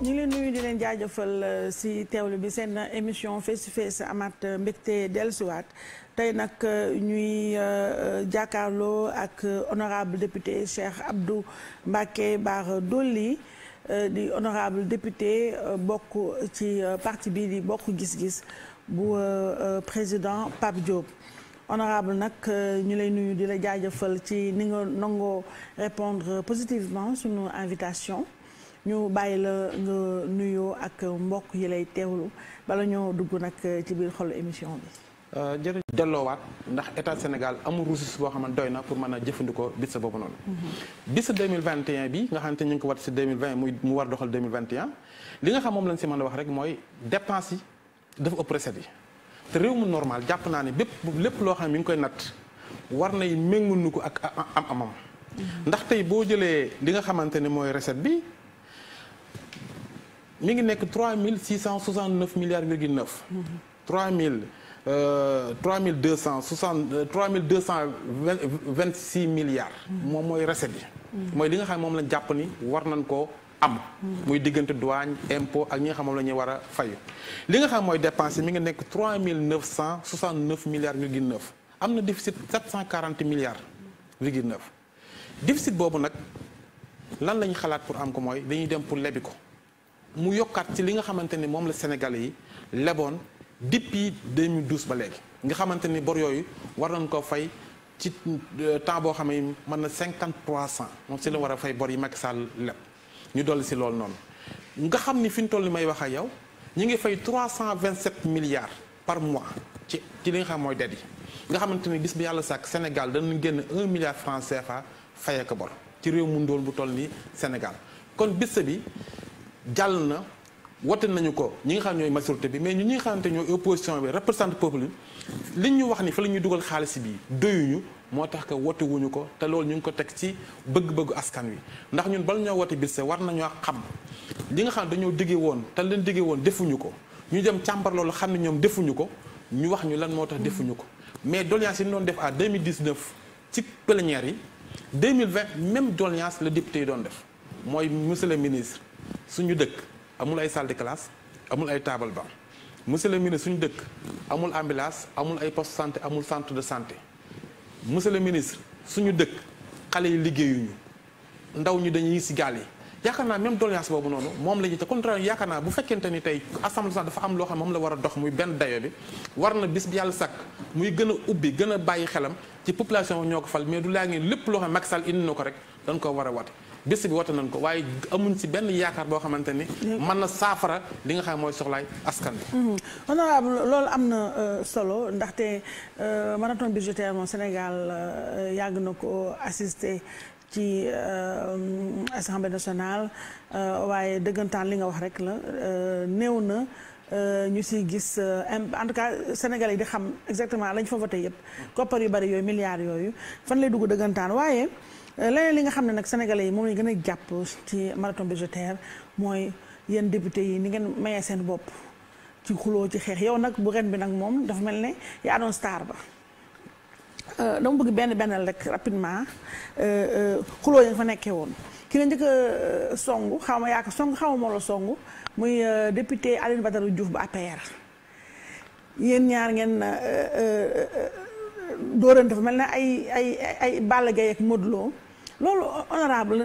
ñu ngi leen nuyu di leen jaajëfal ci euh, teewlu bi seen émission face to face amaat euh, mbégte dellusiwaat tey nag euh, ñuy jàkkaarloo ak honorable député Cheikh Abdou Mbacké Bara Dolly di honorable député bokk ci parti bi di bokk gis-gis bu président Pape Diop. honorable nag euh, ñu lay nuyu di la jaajëfal ci ni nga nangoo répondre positivement suñu invitation ñu bàyyi la nga nuyoo ak mbokk yi lay teewlu bala ñoo dugg nag euh, ci biir xol émission bi. Euh, jërëjëf waat ndax état Sénégal amul ressource boo xam doy na pour mën a jëfandikoo bis sa boobu noonu. Mm-hmm. bis 2021 bi nga xamante ñu ngi ko wat si 2020 muy mu war doxal li nga xam moom lañ si man a wax rek mooy dépense yi dafa ëpp recette yi. te réew mu normal jàpp naa ne bépp lépp loo xam ne mi ngi koy natt war nay ménganu ko ak am amam ndax tey boo jëlee li nga xamante ne mooy recette bi mi ngi nekk trois mille six cent soixante neuf milliards virgule neuf trois mille euh, trois mille deux cent soixante euh, trois mille deux cent vingt six milliards moom mooy recette bi mooy li nga xam ne moom lañ jàpp ni war nañ ko am muy diggante douane impôt ak ñi nga xam moom la ñuy war a fayu li nga xam mooy dépense mi nga nekk 3 969 milliards virgule 9 am na déficit 740 milliards virgule 9 déficit boobu nag lan la xalaat pour am ko mooy dañuy dem pour lebi ko mu yokkaat ci li nga xamante ni moom la Sénégalais yi leboon depuis 2012 ba léegi nga xamante ni bor yooyu war nañ koo fay ci euh, temps boo xam ne mën na 53 cent moom si la war a fay bor yi Macky Sall leb ñu dolli si loolu noonu nga xam ni fi ñu toll ni may wax a yow ñu ngi fay 327 milliards par mois ci ci li nga xam mooy det yi nga xamante ni bis bi yàlla sàkk Sénégal danañ génn 1 milliard franc fa fayee ko bor ci réew mu ndóol bu toll nii Sénégal kon bis bi jàll na wote nañu ko ñi nga xam ñooy majorité bi mais ñu ñi nga xamante ñooy opposition bi représente peuple li ñu wax ni fa la ñuy dugal xaalis bi doyuñu moo tax que wote ko te loolu ñu ngi ko teg ci bëgg bëgg askan wi ndax ñun bal ñoo wote Birse war nañoo xam li nga xam dañoo digge woon te leen digge woon defuñu ko ñu dem càmbar loolu xam ne ñoom defuñu ko ñu wax ñu lan moo tax defuñu ko mais doléance yi ñu doon def à 2019 ci plénière yi 2020 même doléance la député yi doon def mooy monsieur le ministre suñu dëkk amul ay salle de classe amul ay table bam monsieur le ministre suñu dëkk amul ambulance amul ay poste santé amul centre de santé monsieur le ministre suñu dëkk xale yi liggéeyuñu ndaw ñi dañuy si gaal yi yaakaar naa même doléance boobu noonu moom lañuy ñuy te contraire yaakaar naa bu fekkente ni tey assemblée sax dafa am loo xam moom la war a dox muy benn dayo bi war na bis bi yàlla sàkk muy gën a ubbi gën a bàyyi xelam ci population ñoo ko fal mais du laa ngeen lépp loo xam ne Macky Sall indi na ko rek dañ ko war a wat bés bi wote nañ ko waaye amuñ ci benn yaakaar boo xamante ni man na saafara li nga xam mooy soxlaay askan bi mhm. honorable loolu am na euh, solo ndaxte euh, marathon budgétaire moom Sénégal euh, yàgg na ko assister ci assemblée nationale waaye dëggantaan li nga wax rek la néew na ñu si gis en tout cas yi di xam exactement lañ fa voté yëpp mhm. koppar yu bari yooyu milliards yooyu fan lay dugg dëggantaan waaye leneen li nga xam ne nag sénégalais yi moom lañu gën a jàpp ci marathon budgétaire mooy yéen député yi ni ngeen mayee seen bopp ci xuloo ci xeex yow nag bu ren bi nag moom dafa mel ne yaa ba euh, dama bëgg benn bennal rek rapidement euh, euh, xuloo yi fa nekkee woon ki nga njëkk xaw ma yaa ko xaw ma moo la député Aline Badara Diouf ba APR yéen ñaar ngeen dóorante dafa mel ne ay ay ay Balla Gaye ak Modou loolu honorable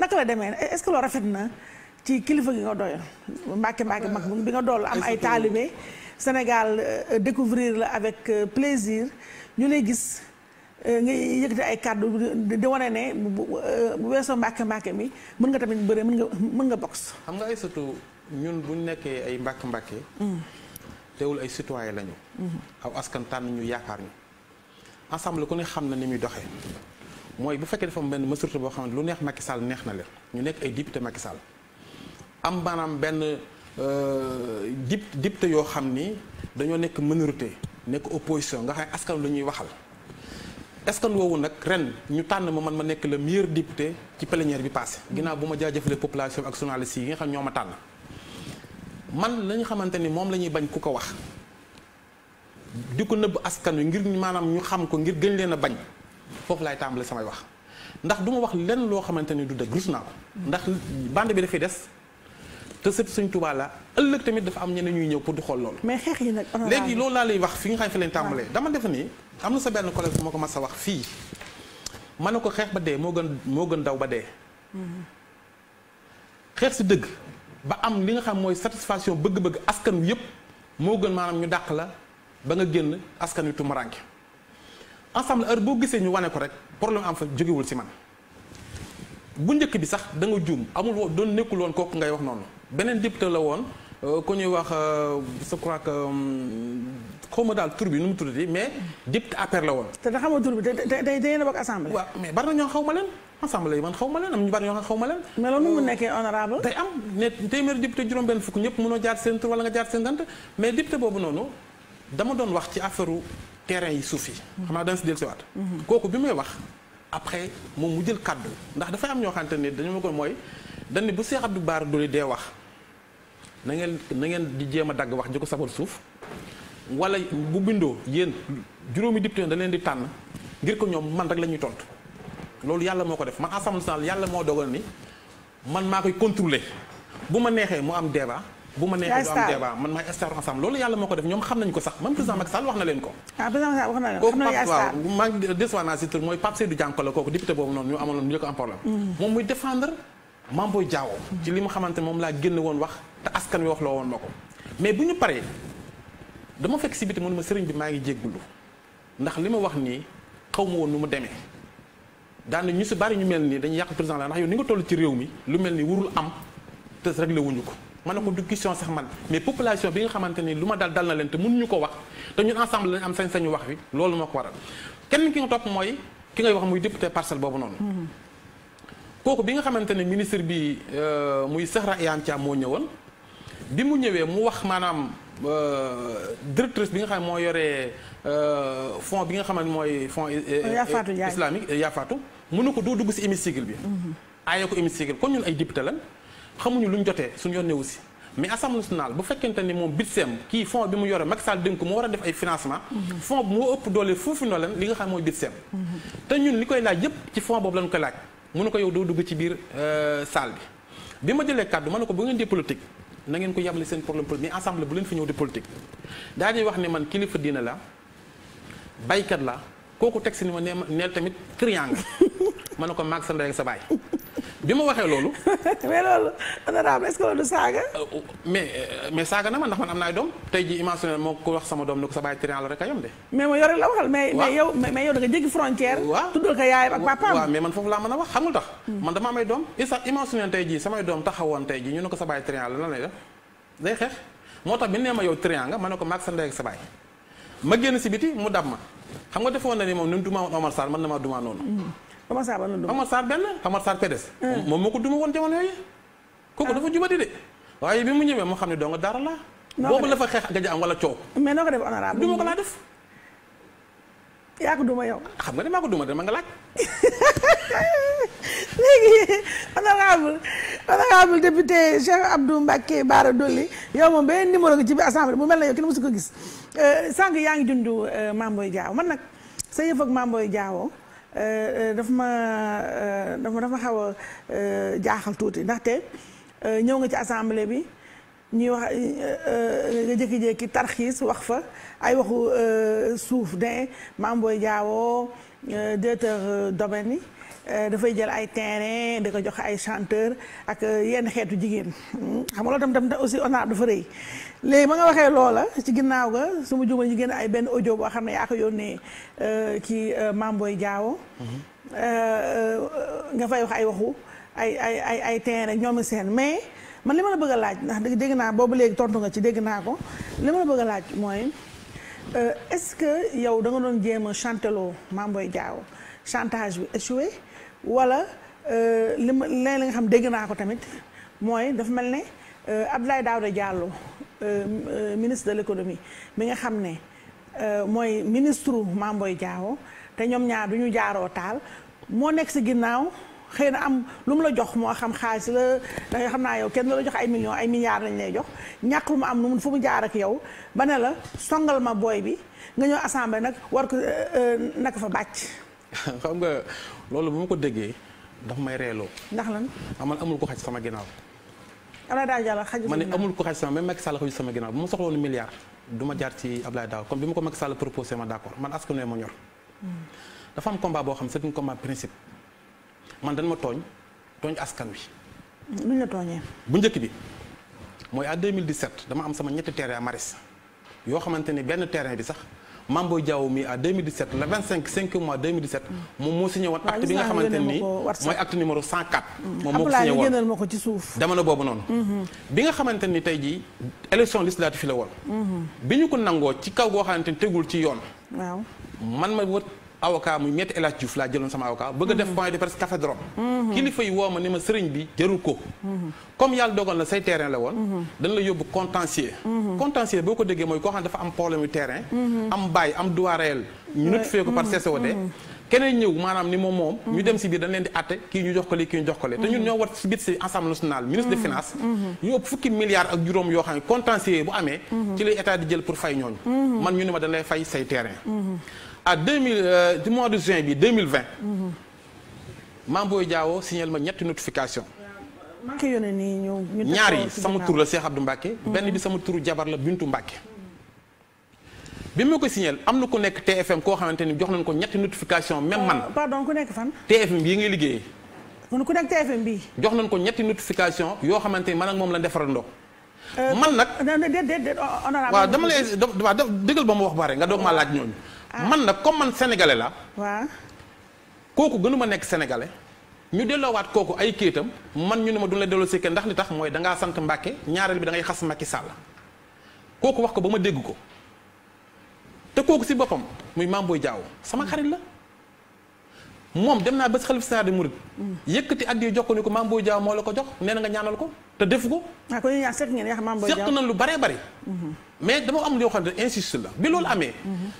naka la demee est-ce rafet na ci kilifa gi nga doyal mbàkke mbàkke mag bi nga dool am ay taalibe Sénégal euh, découvrir la avec euh, plaisir ñu lay gis euh, nga yëkkati ay kàddu di wane ne bu weesoo mbàkke mbàkke mi mun nga tamit bëre mën nga mën nga box xam nga ay surtout ñun bu ñu nekkee ay mbàkke mbàkke mm. teewul ay citoyen lañu mm-hmm. aw askan ñu yaakaar ñu ensemble ku ne xam na ni muy doxe mooy bu fekkee dafa am benn mesure boo xam lu neex Macky Sall neex na leen ñu nekk ay député Macky Sall am maanaam benn euh, dip député yoo xam ni dañoo nekk minorité nekk opposition nga xam ne askan lu ñuy waxal askan woowu nag ren ñu tànn ma man ma nekk le meilleur député ci plénière bi passé ginnaaw bu ma jaajëfalee population bi ak journalistes yi nga xam ñoo ma tànn man la xamante ni moom la ñuy bañ ku ko wax di ko nëbb askan wi ngir maanaam ñu xam ko ngir gën leen a bañ foofu laay tàmbale samay wax ndax du ma wax lenn loo xamante ni du dëgg rus naa ko ndax bande bi dafay des te sëpp Sëñ Tuubaa la ëllëg tamit dafa am ñeneen ñuy ñëw pour di xool loolu. mais xeex yi nag léegi loolu laa lay wax fi nga xam fi leen tàmbalee ah. dama def ni am na sa benn collègue ma ko mas a wax fii ma ne ko xeex ba dee moo gën moo gën daw ba dee mm-hmm. xeex si dëgg ba am li nga xam mooy satisfaction bëgg-bëgg askan wi yëpp moo gën maanaam ñu dàq la ba nga génn askan wi tumuraanke ensemble heure boo gisee ñu wane ko rek problème am fa jógewul si man bu njëkk bi sax da nga juum amul woon doon nekkul woon kooku ngay wax noonu beneen député la woon euh, ko ñuy wax euh, je crois que euh, xaw ma daal tur bi nu mu tuddati mais député APR la woon. te da xamoo tur bi day day day na bokk assemblée. waaw mais bari na ñoo xaw ma leen assemblée yi man xaw ma leen am ñu bari ñoo xaw ma leen. mais loolu mu nekkee honorable day am ne téeméeri député juróom-benn fukk ñëpp mënoo jaar seen tur wala nga jaar seen dant mais député boobu noonu dama doon wax ci affaire terrain yi suuf yi. xam naa dana si dellusiwaat. kooku bi may wax après moom mu jël kàddu ndax dafay am ñoo xamante ne dañu ma ko mooy dañ ne bu Cheikh Abdou Bara Dolly dee wax na ngeen na ngeen di jéem a dagg wax ji ko sabal suuf wala bu bindoo yéen juróomi député da leen di tànn ngir ko ñoom man rek la ñuy tontu loolu yàlla moo ko def man assemblée nationale yàlla moo dogal ni man maa koy contrôler bu ma neexee mu am débat. bu ma neexee du am débat man maay star ensemble loolu yàlla moo ko def ñoom xam nañu ko sax même président Macky Sall wax na leen ko ah, kooku Pape waaw maa ngi décevoir naa si tur mooy Pape Seydou Dianko la kooku député boobu noonu ñu amaloon ñu ko am problème mm. moom mm. li mu xamante moom laa génn woon wax te askan wi wax loo woon ma ko mais bu ñu paree dama fekk si biti mu ma sëriñ bi maa ngi jéggulu ndax li ma wax nii xaw ma woon nu mu demee daane ñu si bari ñu mel nii dañuy yàq président la ndax yow ni nga toll ci réew lu mel nii warul am te réglé wuñu ko man na ko du question sax man mais population bi nga xamante ni lu ma dal dal na leen te mënuñu ko wax te ñun ensemble lañ am sañ-sañu wax wi loolu ma ko waral kenn ki nga topp mooy ki ngay wax muy député parcelle boobu noonu kooku bi nga xamante ne ministre bi euh, muy Zahra Iyane Thiam moo ñëwoon bi mu ñëwee mu wax maanaam euh, directrice bi nga xam ne moo yore euh, fonds bi nga xam ne mooy fonds islamique Yafatou mu ne ko doo dugg si hémicycle bi mm-hmm. aaye ko hémicycle kon ñun ay député lan xamuñu lu ñu jotee suñ yoon ne aussi mais assemblée nationale bu fekkente ni moom bitseem kii fond bi mu yore Macky Sall dénk moo war a def ay financement mhm. fond bi moo ëpp doole foofu noo leen li nga xam mooy bitseem mhm. te ñun li koy laaj yépp ci fond boobu lañu koy laaj mënu ko yow doo dugg ci biir euh, salle bi bi ma jëlee kàddu ma ne ko bu ngeen di politique na ngeen ko yàble seen problème politique mais assemblée bu leen fi ñëw di politique daa ñuy wax ne man kilifa diina la baykat la kooku teg si ni ma neel tamit client ma ko maag sa ndey ak sa baay loolu. mais loolu euh, euh, euh, na ma ndax man na ay jii imaginer ko wax sama doom ne ko sa baay triant la rek a yom a wax hmm. jii samay doom taxawoon tey jii ñu ko moo tax bi nee ma yow triant nga ma ne ko maag sa ndey ak sa baay ma génn si biti mu dab ma xam nga defoon na ni moom ni mu dumaa Omar Sarr man na maa dumaa noonu hmm. Omar Sarr ban la duma Omar Sarr benn ah. moom moo ko duma woon jamono yooyu. kooku ah. dafa jubati de. waaye bi mu ñëwee ma xam ne dong dara laa. boobu la fa xeex gaja am wala coow. mais noo ko def honorable duma ko laa def. yaa ko duma yow. xam nga ne maa ko duma de ma nga laaj. léegi honorable honorable député Cheikh Abdou Mbacké Bara Dolly yow moom benn numéro gi ci biir assemblée mu mel na yow kenn mësu ko gis euh, sànq yaa ngi junj euh, Mamboy Diaw man nag sa yëf ak jaawoo Eh, eh, daf ma eh, dafa dafa xaw a jaaxal tuuti ndaxte ñëw nga ci assemblée bi ñuy wax nga jékki-jékki tarxiis wax fa ay waxu suuf ne Mame jaawoo Diao directeur domaine yi dafay jël ay terrain di ko jox ay chanteur ak yenn xeetu jigéen hmm, xam nga loolu tam tam aussi honneur dafa rëy léegi ba nga waxee loola ci ginnaaw ga su ma juumal ñu génn ay benn ojo boo xam ne yaa ko yónnee euh, kii euh, Mame Boye Diao euh, nga fay wax ay waxu ay ay ay ay terrain rek ñoom seen mais man li ma la bëgg laaj ndax dégg naa boobu léegi tontu nga ci dégg naa ko li ma la bëgg a laaj mooy est-ce que yow da doon jéem a chanteloo Mame Boye Diao chantage bi échoué wala li ma leneen nga xam dégg naa ko tamit mooy dafa mel ne daaw Daouda Diallo Euh, euh, ministre de l'économie mi nga xam ne euh, mooy ministre Mame Boye Diao te ñoom ñaar du ñu jaaroo taal moo nekk si ginnaaw xëy na am lu mu la jox moo xam xaalis la da xam naa yow kenn la jox ay millions ay milliards lañ lay jox ñàkk lu mu am nu mu fu mu jaar ak yow ba ne la songal ma booy bi nga ñëw assemblée nag war ko naka fa bàcc. xam nga loolu bu ma ko déggee daf may reeloo. ndax lan amal ah, amul ko xaj sama ginnaaw. Abdoulaye Daouda Diallo xaju ma ne amul ko xaj sama même Macky Sall xaju sama ginnaaw bu ma soxla woon milliard du ma jaar ci Abdoulaye Daouda kon bi ma ko Macky Sall proposé ma d' accord man askan wi ma ñor hmm. dafa am combat boo xam c'est un combat principe man dañ ma tooñ tooñ askan wi hmm, luñ la tooñee bu njëkk bi mooy à 2017 dama am sama ñetti terrain maris yoo xamante ni benn terrain bi sax Mame Boye Diao mi à 2017 le 25 5 mois 2017. moom moo signé woon acte bi nga xamante nii mooy acte numéro 104. Mm-hmm. moom moo ko signé woon ko ci suuf. jamono boobu noonu. Mm-hmm. bi nga xamante ni tey jii élection législative la woon. Mm-hmm. bi ñu ko nangoo ci kaw goo xamante tegul ci yoon. waaw man ma wër. avocat muy metti El Hadj Diouf laa jëloon sama avocat bëgg a def point de presse café de kilifa yi woo ma ne ma sëriñ bi jarul ko comme yàlla dogal na say terrain la woon dañ la yóbbu contentieux contentieux boo ko déggee mooy koo xam ne dafa am problème yu terrain am bail am droit réel ñu notifié ko par CCOD keneen ñëw maanaam ni moom moom ñu dem si biir dañ leen di àtte kii ñu jox ko li kii ñu jox ko li te ñun ñoo war si biir si assemblée nationale ministre yoo xam ne contentieux bu amee ci lay état di jël pour fay ñooñu man ñu ne ma dañ à deux mil ci euh, mois de juin bi deux mille vingt. Mm-hmm. Mame Boye Diao signal ma ñetti notification ñaar yi sama tur la Cheikh Abdou Mbacke. Mm-hmm. benn bi sama turu jabar la Bintu Mbacke. bi ma ko signal am na ku nekk TFM koo xamante ni jox nañ ko ñetti notification même euh, man. pardon nekk fan. TFM bii ngay liggéeyee. kon ku nekk TFM bii. jox nañ ko ñetti notification yoo xamante ni man ak moom lañ defarandoo. Euh, man nag. déedéet déedéet honorable waaw dama lay waaw déggal ba mu wax bare nga doog maa laaj ñooñu. Ah. man nag comme man sénégalais la waaw kooku gënuma nekk sénégalais ñu delloowaat kooku ay kéetam man ñu ne ma duñ la delloo si kenn ndax li tax mooy dangaa sant Mbàkke ñaareel bi dangay ngay xas Macky Sall kooku wax ko ba ma dégg ko te kooku si boppam muy Mame Boye jaaw sama xarit la moom dem naa ba si xalif général des mourides yëkkati addiya jox ko ni ko maam jaaw moo la ko jox nee nga ñaanal ko te def ko ah, seq nañ lu baree bari mais dama am yoo xam ne insiste la bi loolu amee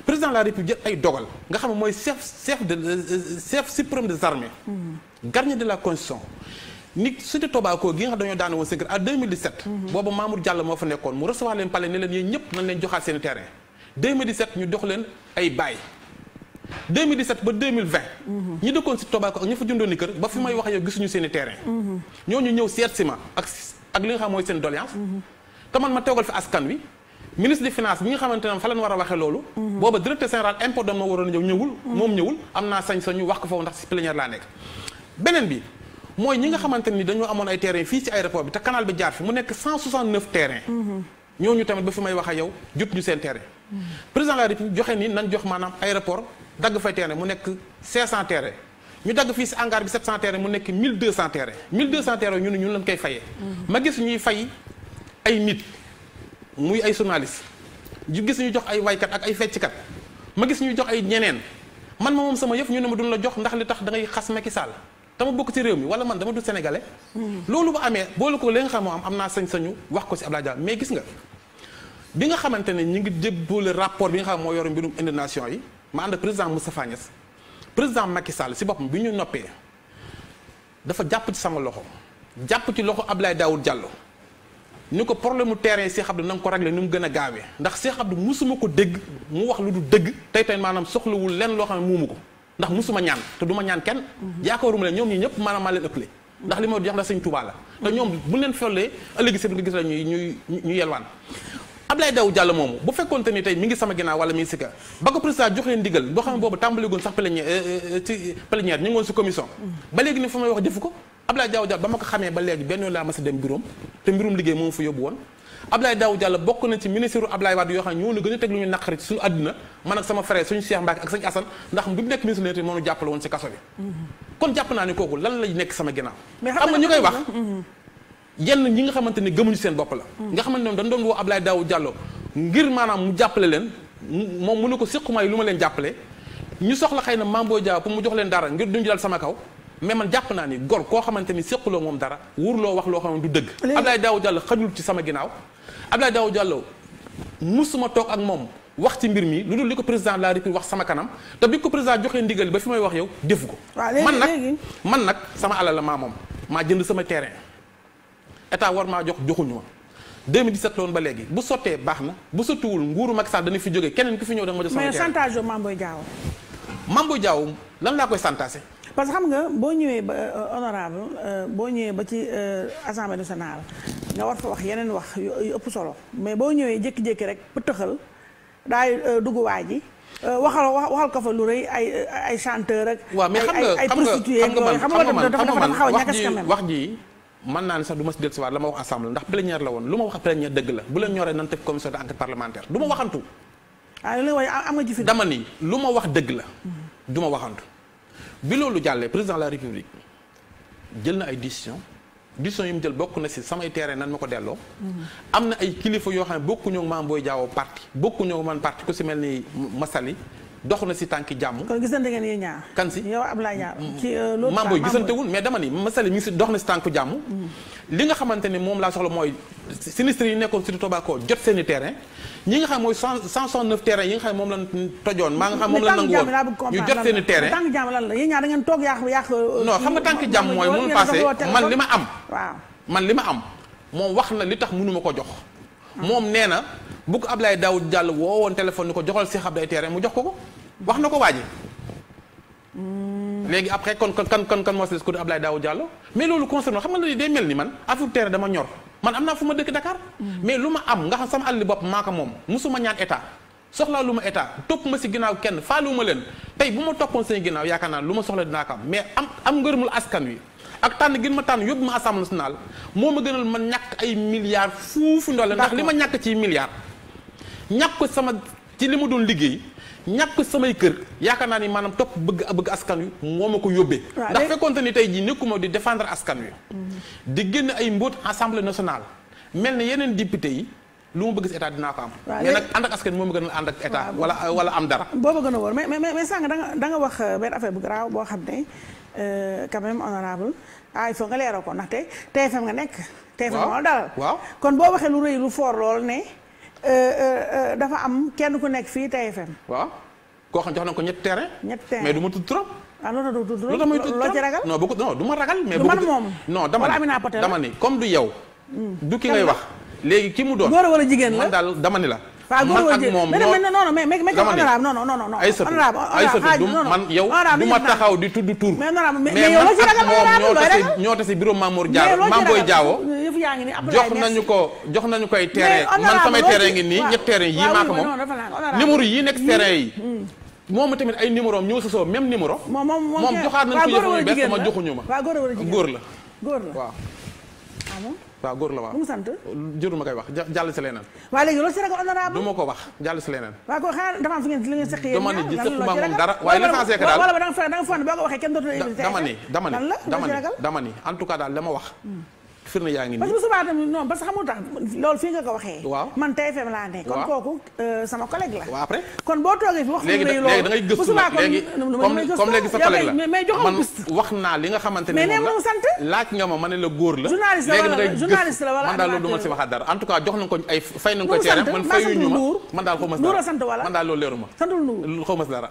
président la république ay dogal nga xam mooy chef chef de euh, euh, chef suprême des armées gardien de la constitution nit Cité Tobacco gi nga xam dañoo daane woon seen kër à 2017 boobu Mamour Diallo moo fa nekkoon mu recevoir leen palais ne leen yéen ñëpp nañ leen ñu dox leen ay bail 2017 ba 2020. ñi dëkkoon si Tobacco ñi fa jëndoon kër ba fi may wax i terrain. ñooñu ñëw seet si ma ak ak li nga xam mooy seen ma tegal fi askan wi. ministre des finances bi nga xamante ne fa leen war a waxee loolu. booba directeur a ñëw ñëwul. moom ñëwul am naa sañ-sañu wax ñi nga xamante ni dañoo amoon ay terrain fii ci bi te canal bi jaar fi mu nekk 169 terrain. ñooñu tamit ba fi may wax a yow jot ñu seen terrain. président de la république joxe ni nan jox maanaam aéroport dagg fay terrain mu nekk 500 terrain ñu dagg fii si hangar bi 700 terrain mu nekk 1200 terrain 1200 terrain ñu ne ñun lañ koy fayee. Mhm. ma gis ñuy fay ay nit muy ay journaliste ju gis ñu jox ay waykat ak ay fecckat ma gis ñuy jox ay ñeneen man ma moom sama yëf ñu ne ma duñ la jox ndax li tax da ngay xas Macky Sall dama bokk ci réew mi wala man dama du sénégalais. Mhm. loolu ba amee boole ko li nga xam moo am am naa sañ-sañu wax ko si Abdoulaye Dia mais gis nga bi nga xamante ne ñu ngi jébboole rapport bi nga xam moo yor mbirum indonation yi. ma ànd ak président Moustapha Niass président Macky Sall si boppam bi ñu noppee dafa jàpp ci sama loxo jàpp ci loxo lay Daoud Diallo ni ko problème mu terrain Cheikh Abdou na nga ko réglé ni mu gën a gaawee ndax Cheikh Abdou musuma ko dégg mu wax lu du dëgg tey tey maanaam soxlawul leen loo xam ne muumu ko ndax musuma ñaan te du ma ñaan kenn mhm. yaakaaruma leen ñoom ñii ñëpp maanaam maa leen ëppale ndax li ma jox la sëñ Touba la te ñoom bu leen follee ëllëg si nga gis la ñuy ñuy ñu yelwaan Abdoulaye Daouda Diallo moomu bu fekkoonte ni tey mi ngi sama ginnaaw wala mi ngi si ka ba ko président joxee ndigal boo xam ne boobu tàmbaligoon sax plénière euh, euh, euh, ci plénière ñu ngi woon si commission ba léegi ni fa may wax defu ko Abdoulaye Daouda Diallo ba ma ko xamee ba léegi benn laa ma sa dem bureau te mbirum liggéey moom fa yóbbu woon Abdoulaye Daouda Diallo bokk na ci ministre Abdoulaye Wade yoo xam ne ñoo ñu gën a teg lu ñu naqari ci suñu àdduna man ak sama frère ak sëñ Assane ndax bi mu nekk ministre l'Intérieur moo ñu jàppale woon ci kaso bi kon jàpp naa nekk sama ginnaaw am yenn ñi nga xamante ni gëmuñu seen bopp la. Mm. nga xamante ne dañu doon woo Ablaye Daouda jàlloo ngir maanaam mu jàppale leen moom mu ne ko séqumaay lu ma leen jàppale ñu soxla xëy na Mame Boye Diao mu jox leen dara ngir duñu dal sama kaw mais man jàpp naa ni gor koo xamante ni séquloo moom dara wurloo wax loo xam ne du dëgg. Ablaye Daouda Diallo xajul ci sama ginnaaw Ablaye Daouda Diallo musuma toog ak moom wax ci mbir mi lu li ko président de la République wax sama kanam te bi ko président joxee ndigal ba fi may wax yow defu ko. man nag man nag sama alal maa moom maa jënd sama terrain état war maa jox joxuñu ma 2017 la woon ba léegi bu sottee baax na bu sottiwul nguuru Macky Sall dana fi jógee keneen ki fi ñëw da nga ma jox sama mais lan laa koy santaase parce que xam nga boo ñëwee ba euh, honorable euh, boo ñëwee ba ci euh, assemblée nationale nga war wax yeneen wax yu solo mais boo ñëwee jékki-jékki rek pëtëxal daay dugg waa ji waxal waxal ko fa lu rëy ay ay chanteur ak. waaw mais xam nga xam nga xam nga man wax ji mën naa ne sax du ma si dellusiwaat la ma wax assemblée ndax plénière la woon lu ma wax plénière dëgg la bu leen ñoree nan teg commission d'enquête parlementaire du waxantu. Ah, dama ni lu ma wax dëgg la. du ma waxantu. bi loolu jàllee président de la république jël na ay décision décision yi mu jël bokk na si samay terrain nan ma ko delloo. Mm-hmm. am na ay kilifa yoo xam ne bokkuñu ak maam booy jaawoo parti bokkuñu ak man parti ku si mel ni Massaly dox na si tànki jàmm. kon gisante ngeen yéen ñaar. kan euh, gisante wul mais dama ni Massaly mi ngi si dox na si tànku jàmm. Mm-hmm. li nga xamante ne moom laa soxla mooy sinistre yi nekkoon surtout Tobaco jot seen i terrain ñi nga mooy cent soixante neuf terrain yi nga xam moom la tojoon maa nga xam moom la nangu woon ñu jot seen i terrain tànk jàmm lan la yéen ñaar toog yàq yàq euh, non xam nga tànk jàmm mooy moom passé man li ma am man li ma am moom wax na li tax mënuma ko jox ah. moom nee na bu ko Ablaye Daoud Diallo woo woon téléphone ni ko joxal Cheikh Abdoulaye terrain mu jox ko ko wax na ko waa ji hmm. léegi après kon kon kan kan moo si des ku di Ablaye Daoud mais loolu concerne xam nga loolu mel ni man affaire terrain dama ñor man am naa fu ma dëkk Dakar. Hmm. mais lu ma am nga xam sama àll bopp maa ko moom musuma ñaan état soxlaa lu ma état topp ma si ginnaaw kenn faalu ma leen tey bu ma toppoon seen ginnaaw yaakaar naa lu ma soxla dinaa ko am mais am am ngërëmul askan wi. ak tànn gën ma tànn yóbbu ma assemblée naal moo ma gënal ma ñàkk ay milliards fuufu ndoole ndax li ma ñàkk ci milliards. ñàkk sama ci li ma doon liggéey ñàkk samay kër yaakaar naa ni maanaam topp bëgg bëgg askan wi moo ma ko yóbbee ndax fekkonte ni tey jii nekkuma di défendre askan wi mm. di génn ay mbóot assemblée national mel na yeneen député yi lu mu bëgg si état dinaa ko am mais nag ànd ak askan moo ma gën a ànd ak état wala wala am dara booba gën a wóor mais mais sànq da nga da wax euh, benn affaire bu garaaw boo xam ne euh, quand même honorable ah il faut nga leeral ko ndaxte TFM nga nekk TFM moo dalal waaw boo waxee lu rëy lool ne Euh, euh, euh, dafa am kenn ku nekk fii TFM. waaw koo xam jox na ko ñetti tere ñetti terrain mais du ma tudd trop. ah loolu du tudd trop loo ci ragal non bu non du ma ragal. mais bu man moom non dama ni dama comme du yow. Hmm. du ki ngay wax léegi kii mu doon. góor wala jigéen la man daal dama ni la. waaw góor ak moom non non mais mais mais honorable non non non non honorable honorable man yow du ma taxaw di tudd tur mais honorable mais yow loo ci ragal honorable ñoo tase bureau Mamour Diawo Mamboy Diawo jox nañu ko jox nañu koy terrain man samay terrain ngi nii ñett terrain yii maa ko moom numéro yi nekk hmm. terrain yi hmm. moom tamit ay numéro am ñoo sosoo même numéro moom moom joxaat nañu ko yëfu ñu bees sama joxuñu ma waaw góor la góor la waaw ah, waaw góor la waaw bu mu sant jërul ma koy wax jàll si leneen waaw léegi loolu si ragal honorable du ma ko wax jàll si leneen waaw ko xanaa dafa am fu ngeen li ngeen seqee dama ni ji sequma la invité dama ni dama ni dama ni dama ni en tout cas daal la ma wax hmm. firnde yaa ngi nii. parce que bu subaa tamit non parce que xamul tax fii nga ko waxee. waaw man TFM laa ne. kon kooku euh, sama collègue la. waaw après kon boo toogee fi wax. léegi da léegi da ngay gëstu nag la mais jox man wax naa li nga xamante ne moom la sant laaj nga ma ma ne la góor la. journaliste la wala journaliste la wala man daal loolu du ma si waxaat dara en tout cas jox nañ ko ay fay nañ ko. Nuur sant maa sant Nuur man daal xaw ma si dara man daal loolu leeru ma santul Nuur xaw ma si dara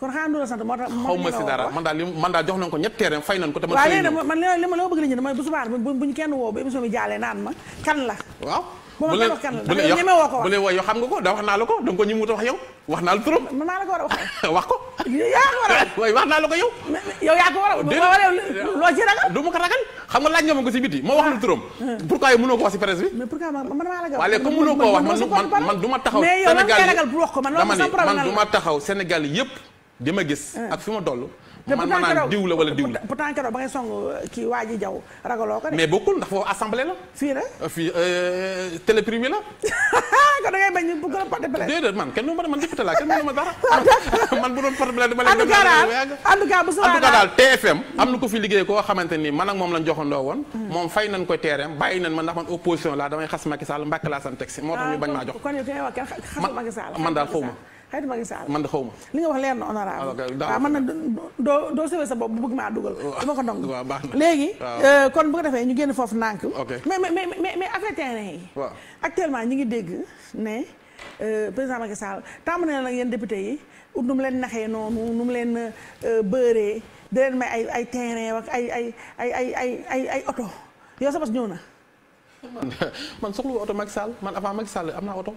kon xanaa Ndola sant moo tax. xaw ma si dara man daal li man daal jox nañ ko ñett terrain fay nañ ko. te man fay nañ ko waaw léegi nag man li ma la bëgg la ñu ne mooy bu subaa buñ kenn woo ba émission bi jaalee naan ma kan la. waaw bu leen bu leen yow bu leen yow xam nga ko da wax naa la ko da nga ko ñi wut a wax yow wax naa la trop. man maa la ko war a waxee. wax ko. yaa ko war a wax waaye wax naa la ko yow. yow yaa ko war a wax loo ci ragal. du ma ko ragal xam nga laaj nga ma ko si biti ma wax lu turam. pourquoi yow mënoo ko wax si presse bi. mais pourquoi man man maa la ko wax. waaye comme mënoo koo wax man man du ma taxaw. Sénégal mais yow lan nga ragal pour wax ko man loolu sama problème la man du ma taxaw Sénégal yëpp di ma gis ah. ak fi ma toll man ma naan diw la wala diw la pourtant keroog ba ngay song euh, kii waa ji jaw ragaloo bokkul ndax foofu assemblée la fii euh, fii euh, télé privé la kon da ngay bañ a porte plainte déedéet man kenn ma ak moom lañ joxandoo woon hmm. moom fay nañ koy teereem bàyyi nañ man ndax man opposition laa damay xas Macky Sall mbàkk laa san moo tax ñu bañ ah, maa jox man daal xawma xëy Macky Sall man de xaw ma li nga wax leer na honorable waaw ah, ah, man na doo doo sewee sa bopp bu bëgg maa dugal oh. dama ko dong léegi euh, kon bu defee ñu génn foofu nànk mais mais mais mais affaire terrain yi actuellement ñi ngi dégg ne euh, président Macky Sall tàmm na nag yéen député yi ut nu mu leen naxee noonu nu mu leen euh, bëëree di leen ay ay terrain ak ay ay ay ay ay ay ay oto yow sa bos ñëw na man soxlu oto Macky Sall man avant Macky Sall am naa oto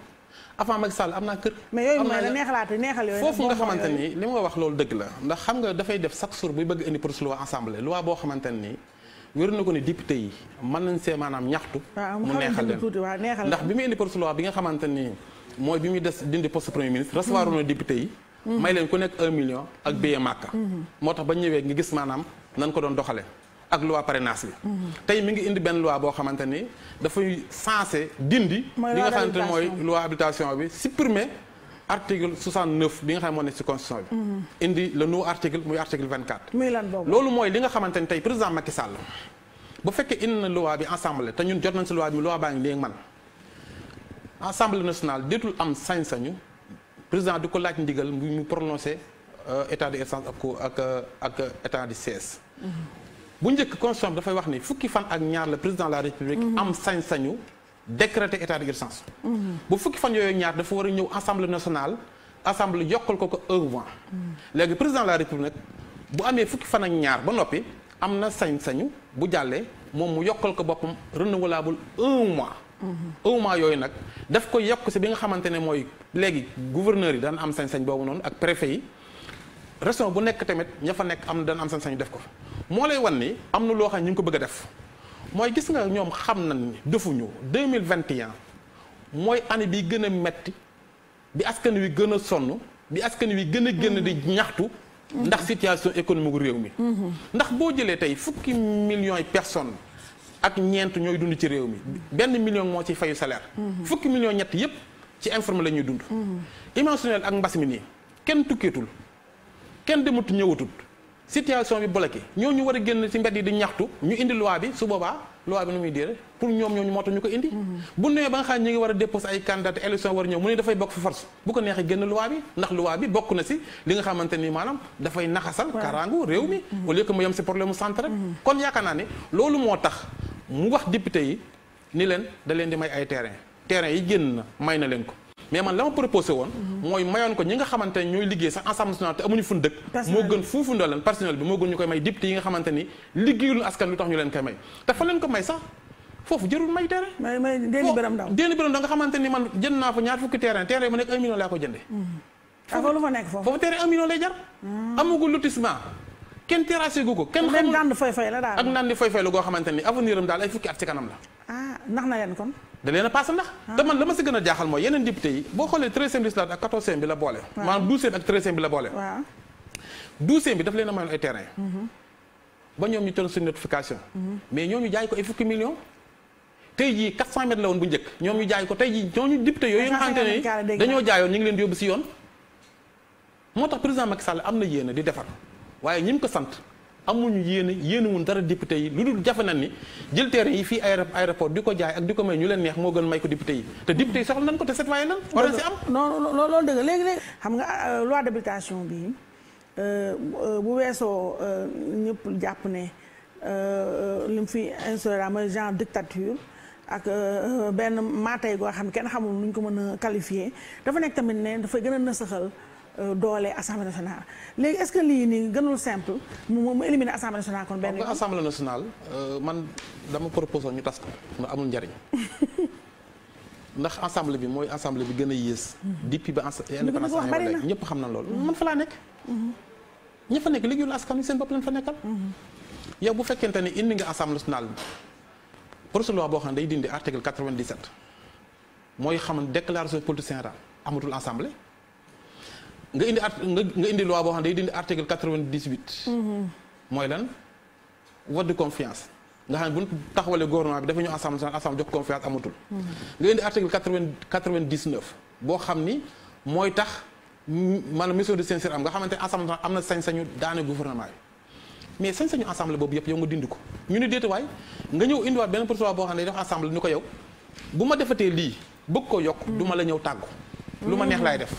avant mag Sall am naa kër. mais yooyu mooy la neexalaate neexal foofu nga xamante ni li ma wax loolu dëgg la ndax xam nga dafay def chaque jour buy bëgg indi pour loi assemblée loi boo xamante ni wér na ko ni député yi mën nañ see maanaam ñaxtu. mu neexal leen ndax bi muy indi pour loi bi nga xamante ni mooy bi muy des dindi poste premier ministre recevoir na député yi. Mm-hmm. may leen ku nekk un million ak billet Makka. Mm-hmm. moo tax ba ñëwee nga gis maanaam nañ ko doon doxalee. ak loi parrainage bi. tey mi ngi indi benn loi boo xamante ni dafay censé dindi. li nga xamante ne mooy loi habilitation bi supprimer article 69 bi nga xam moo nekk ci constitution bi. Mm-hmm. indi le nouveau article muy article 24. muy lan boobu loolu mooy li nga xamante ni tey président Macky Sall bu fekkee indi na loi bi assemblée te ñun jot nañ ci loi bi loi baa ngi léegi man assemblée nationale déetul am sañ-sañu président di ko laaj ndigal mu prononcé euh, état de essence ak ak ak état de siège. Mm-hmm. bu njëkk constitution dafay wax ni fukki fan ak ñaar la président de la république. Mhm. am sañ-sañu décréter état d'urgence. Mhm. bu fukki fan yooyu ñaar dafa war a ñëw assemblée nationale assemblée yokkal ko ko un mois. Mhm. léegi président de la république nag bu amee fukki fan ak ñaar ba noppi am na sañ-sañu bu jàllee moom mu yokkal ko boppam renouvelable un mois. un mois yooyu nag daf ko yokk si bi nga xamante ne mooy léegi gouverneur yi daan am sañ-sañ boobu noonu ak préfet yi bu nekk tamit ña fa nekk am daan am sañ def ko fa. moo lay wan ni am na loo xam ne ñu ngi ko bëgg a def mooy gis nga ñoom xam nañ ni defuñu 2021 mooy année bi gën a metti bi askan wi gën a sonn bi askan wi gën a génn di ñaxtu ndax situation économique réew mi ndax boo jëlee tey fukki millions yi personnes ak ñeent ñooy dund ci réew mi benn million moo ci fayu salaire fukki million ñett yépp ci informel la ñuy dund mm-hmm. imaginez ak mbas mi nii kenn tukkeetul kenn demut ñëwatut situation bi bloqué ñu war a génn ci mbedd yi di ñaxtu ñu indi loi bi su boobaa loi bi nu muy diire pour ñoom ñooñu moo tax ñu ko indi mm-hmm. bu nee ba nga xam ne ngi war a déposé ay candidat élection war ñëw mu ne dafay bokk fa force bu ko neexee génn loi bi ndax loi bi bokk na si li nga xamante ni maanaam dafay naxasal kaaraangu réew mi mm-hmm. au lieu que mu yem ci problème mu centre mm-hmm. kon yaakaar ne loolu moo tax mu wax député yi ni leen da leen di may ay terrain terrain yi génn na may na leen ko mais man la ma proposé woon mhm. mooy mayoon ko ñi nga xamante ne ñooy liggéey sax ensemble national te amuñu fun dëkk moo gën foofu ndooleen personnel bi moo gën ñu koy may député yi nga xamante ni liggéeyul askan lu tax ñu leen koy may te fa leen ko may sax foofu jërul may ko kenn ak naan di fay fay la goo xamante ni avenir am daal ay fukki at ci kanam la ah na leen kon da leen a ndax. te man la ma si gën a jaaxal mooy yeneen député yi boo xoolee treizième législature ak quatorzième bi la boole. maanaam douzième ak treizième bi la boole. waaw bi daf leen a mayoon ay terrain. Mhm. ba ñoom ñu toll notification. Mhm. mais ñoom ñu jaay ko ay fukki millions. tey jii 400 mètres la woon bu njëkk ñoom ñu jaay ko tey jii ñooñu député yooyu nga xamante ne dañoo jaayoon ñu ngi leen di yóbbu si yoon moo tax président Macky Sall am na yéene di defar waaye ñi mu ko sant amuñu yéene yéene wuñ dara député yi lu dul jafe nan ni jël terrain yi fii aéroport di ko jaay ak di ko may ñu leen neex moo gën may ko député yi te député yi soxla nañ ko te set waaye am non non loolu xam nga euh, loi d'habilitation bi euh, bu weesoo euh, ñëpp jàpp ne li fi instauré mooy genre dictature ak benn maatay goo xam kenn xamul nuñ ko mën a qualifier dafa nekk tamit ne dafa gën na nasaxal Euh, doole assemblée nationale léegi est-ce que lii nii gënul simple mu mu éliminer assemblée nationale kon benn. assemblée nationale euh, man dama proposé ñu tas ko mu amul njariñ ndax assemblée bi mooy assemblée bi gën a yées. Mhm. depuis ba indépendance ñëpp ñëpp xam na loolu. Mhm. man fa laa nekk. Mhm. ña fa nekk liggéeyul askan wi seen bopp lañ fa nekkal. yow bu fekkente ne indi nga assemblée nationale bi projet boo xam ne day dindi article 97 mooy xam déclaration politique générale amatul assemblée. nga indi art nga indi loi boo xam ne day dindi article quatre-vingt-dix-huit. Mm-hmm. mooy lan vote de confiance. nga xam ne bu ñu taxawalee gouvernement bi dafa ñu assemblée nationale assemblée jox confiance amatul. Mm-hmm. nga indi article quatre-vingt-dix-neuf boo xam ni mooy tax maanaam mission de sincère am nga xamante ne assemblée am na sañ-sañu daane gouvernement bi. mais sañ-sañu assemblée boobu yëpp yow nga dindi ko ñu ne déet waay nga ñëw indiwaat benn poursuivant boo xam ne dafa assemblée ni ko yow bu ma defatee lii bëgg ko yokk. Mm-hmm. du ma la ñëw tàggu. lu ma neex laay def.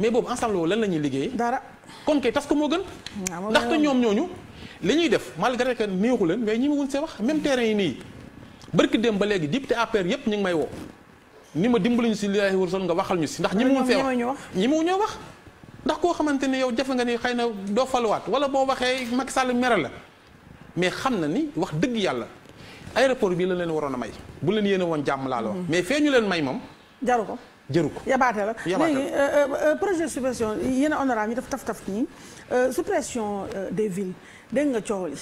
mais boobu ensemble boobu lan la ñuy liggéey. dara kon kay tas ko moo gën. ndax ah, ndaxte ñoom ñooñu. li ñuy def malgré que neexu leen mais ñi ma wuñ see wax même terrain yi nii barki dem ba léegi te APR yëpp ñu ngi may woo ni ma dimbali ñu si li lay waral nga waxal ñu si ndax. ñi ma wuñ see wax ñi ma wuñoo wax. ndax koo xamante ne yow jafe nga ni xëy na doo faluwaat wala boo waxee Macky Sall mere la mais xam na ni wax dëgg yàlla aéroport bii la leen waroon a may bu leen yéene woon jàmm mm-hmm. mais fee ñu leen may moom jaru ko jëru ko yabaate la léegi euh, euh, euh, projet subvention yéen honorable ñu def taf taf nii suppression des villes dégg nga coow li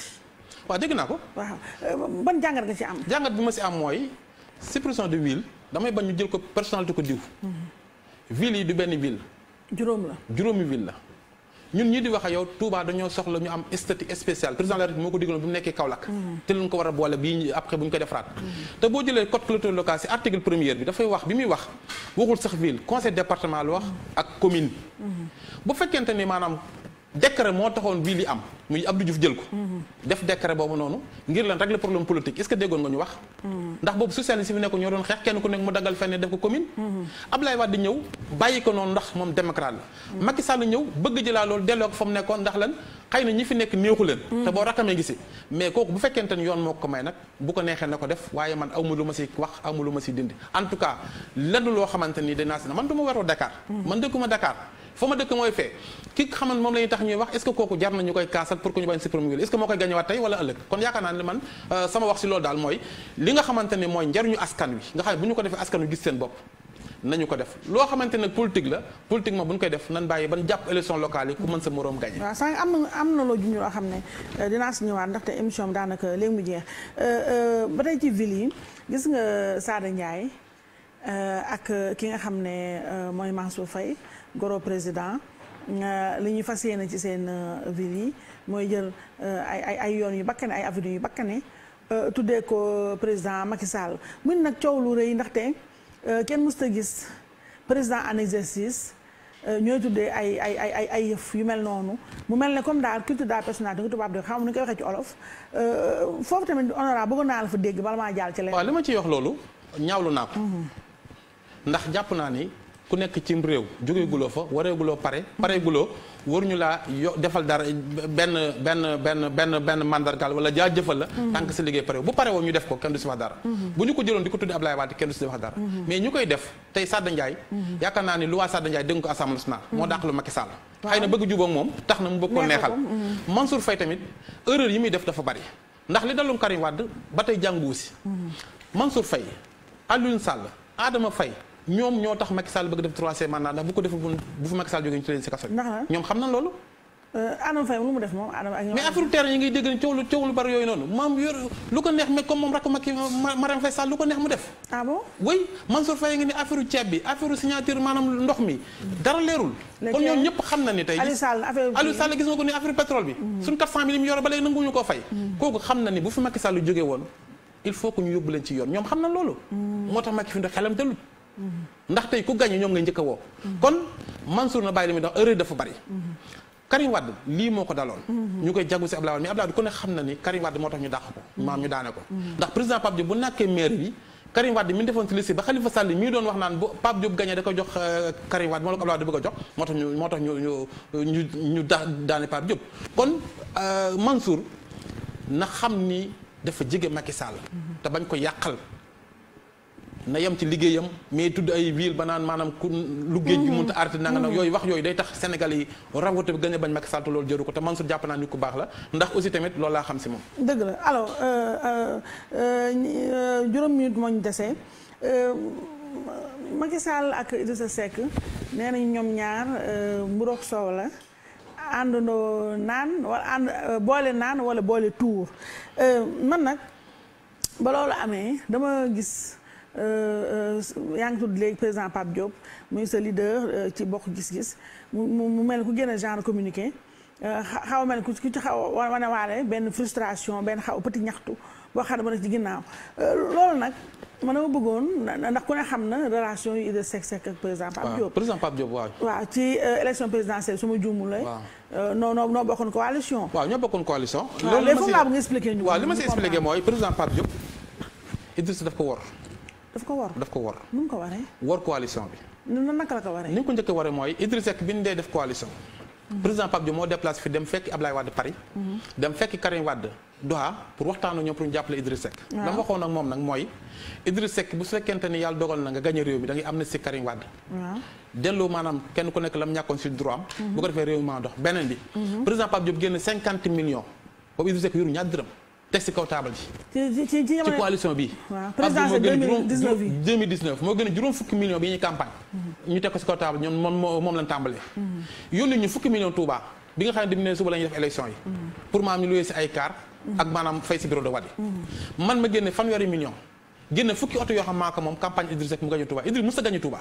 waaw dégg naa ko waaw ban jàngat nga ci am jàngat bi ma si am mooy suppression de ville damay bañ ñu jël ko personnalité ko diw mhm. ville yi du benn ville juróom la juróomi ville la ñun ñi di wax ak yow Touba dañoo soxla ñu am statut spécial président de la République moo ko digaloon bu mu nekkee Kaolack te luñ ko war a boole bii après bu ñu ko defaraat te boo jëlee code collectivité locale si article premier bi dafay wax bi muy wax waxul sax ville conseil départemental wax ak commune bu fekkente ni maanaam décret moo taxoon bii li am muy Abdou Diouf jël ko. def décret boobu noonu ngir lan régler problème politique est-ce que déggoon nga ñu wax. ndax boobu socialiste fi nekk ñoo doon xeex kenn ku nekk mu daggal fenn def ko commune. Ablaye Wade ñëw bàyyi ko noonu ndax moom démocrate la. Macky Sall ñëw bëgg jëlaa loolu delloo ko fa mu nekkoon ndax lan xëy na ñi fi nekk néexu leen. te boo rakamee gisi mais kooku bu fekkente ni yoon moo ko may nag bu ko neexee na ko def waaye man aw ma lu ma ma lu en tout cas lenn loo xamante ni dinaa si man du ma waroo Dakar. man dëkkuma foo ma dëkk mooy fee ki xaman moom la ñuy tax ñuy wax est-ce que kooku jar na ñu koy kaasal pour que ñu bañ si est-ce que moo koy gañewaat tey wala ëllëg kon yaakaar naa ne man euh, sama wax si loolu daal mooy li nga xamante ne mooy njariñu askan wi nga xam ne bu ñu ko defee askan gis seen bopp nañu ko def loo xamante ne politique la politique moom bu ñu koy def nan bàyyi ban jàpp élection locale yi ku mën sa moroom gagné. waaw sànq am na am na loo junj xam ne euh, dinaa si ñëwaat ndaxte émission bi daanaka léegi mu jeex euh, ba tey ci ville yi gis nga Sada Ndiaye ak ki nga xam ne mooy Mansour Faye goro président euh, li ñuy fas yéene ci seen euh, ville mooy jël euh, ay ay ay yoon yu bakkane ay avenue yu bakkane tuddee ko président Macky Sall mu nag coow lu rëy ndaxte kenn mësta gis président en exercice ñooy tuddee ay ay ay ay ay yëf yu mel noonu mu mel ne comme daal culture daal personnalité nga tubaab di xam ni koy waxee ci olof foofu tamit honorable bëggoon naa la fa dégg bala maa jaal ci leneen. waaw li ma ci wax loolu ñaawlu naa ko. Mm-hmm. ndax jàpp naa ni. ku nekk cim réew jógeeguloo fa wareeguloo pare war ñu laa yo defal dara benn benn benn benn benn mandargal wala jaajëfal la mm-hmm. tànk sa liggéey pare bu pare woon ñu def ko kenn du si wax dara mm-hmm. bu ñu ko jëloon di ko tuddi Ablaye Wade kenn du si wax dara mm-hmm. mais ñu koy def tey Sada Ndiaye yaakaar naa ni lu waa Sada Ndiaye dégg ko Assemblée nationale moo dàq lu Macky Sall xëy na moom tax na mu bëgg ko neexal Mansour Faye tamit erreur yi muy def dafa bari ndax li dalum Karim Wade ba tey jànguwu si Mansour Faye Alioune Sall Adama Faye ñoom ñoo tax Macky Sall bëgg def troisième mandat ndax bu ko deful bu fa Macky Sall jógee ñu euh, lu mu ah na ni tey Aliou Sall affaire Aliou Sall gis nga mm. mm. woon il faut que ñu yóbbu leen ci yoon ñoom xam na loolu. Mm. moo tax Macky fi mu ne xelam dalul ndax tey ku gagné ñoom ngay njëkk a woo. kon Mansour na ko daloon. ñu koy jagu si Abdoulaye Wade mais Abdoulaye ku ne xam na ni moo tax ñu dàq ñu ko. ndax président Pape Diop bu nàkkee maire bi Karim Wade mi defoon ci liste ba Khalifa Sall mi doon wax naan bu Pape Diop gagné da ko jox euh, Karim Wade moo da bëgg a jox moo tax ñu euh, na xam ni dafa jege Macky Sall. te bañ ko yàqal. na yem ci liggéeyam mais tudd ay ville ba naan maanaam ku lu géej gi mënta mhm. arrêté nanga nag mhm. yooyu wax yooyu day tax Sénégal yi rawata gën a bañ Macky Sall loolu jëru ko te Mansour jàpp naa nit ku baax la ndax aussi tamit loolu laa xam si moom dëgg la alors euh, euh, euh, juróom minute moo ñu desee Macky Sall ak Idrissa Seck nee nañ ñoom ñaar mburoog soow la àndandoo naan wala ànd boole naan wala boole tuur man nag ba loolu amee dama gis Euh, euh, yaa ngi tudd léegi président Pape Diop muy sa leader euh, ci bokk gis-gis mu mu mel ku gën a genre communiqué xaw mel ku ci xaw a wane waale benn frustration benn xaw petit ñaxtu boo xam ne ma ne ci ginnaaw loolu nag man dama bëggoon ndax ku ne xam na relation yu Idrissa Seck Seck ak président Pape Diop. président Pape Diop waaw. ci élection présidentielle su ma juumulee. waaw non non non bokkoon coalition. waaw ñoo bokkoon coalition. loolu la ma si waaw li ma si expliqué mooy président Pape Diop Idrissa daf ko wor. daf ko war daf ko war. nu mu ko waree. war coalition bi. nan naka la ko waree. ni ko njëkk a waree mooy Idrissa Seck bi ñu dee def coalition. Mhm. président Pape Diop mhm. moom nag mooy. Idriss Seck bu fekkente ni yàlla dogal na nga gañ réew mi da am na si Karim Wade. delloo maanaam kenn ku nekk lam ñàkkoon si droit am. Mhm. bu ko defee réew maa dox beneen bi. président Pape Diop génne teg si kaw taabal ji. ci ci coalition bi. waaw moo gën juróom fukki million bi ñuy campagne. Mhm. ñu teg ko si kaw taabal ñoom moom moom lañ tàmbalee. Mhm. yónni ñu fukki million Touba bi nga xam ne dinañ suba la ñuy def élection yi. Mhm. pour ma am ñu luyee si ay car. ak maanaam fay si bureau de vote man ma génne fanweeri million. génne fukki oto yoo xam maa moom campagne Idriss Seck mu gañu Touba Idriss mës a gañu Touba.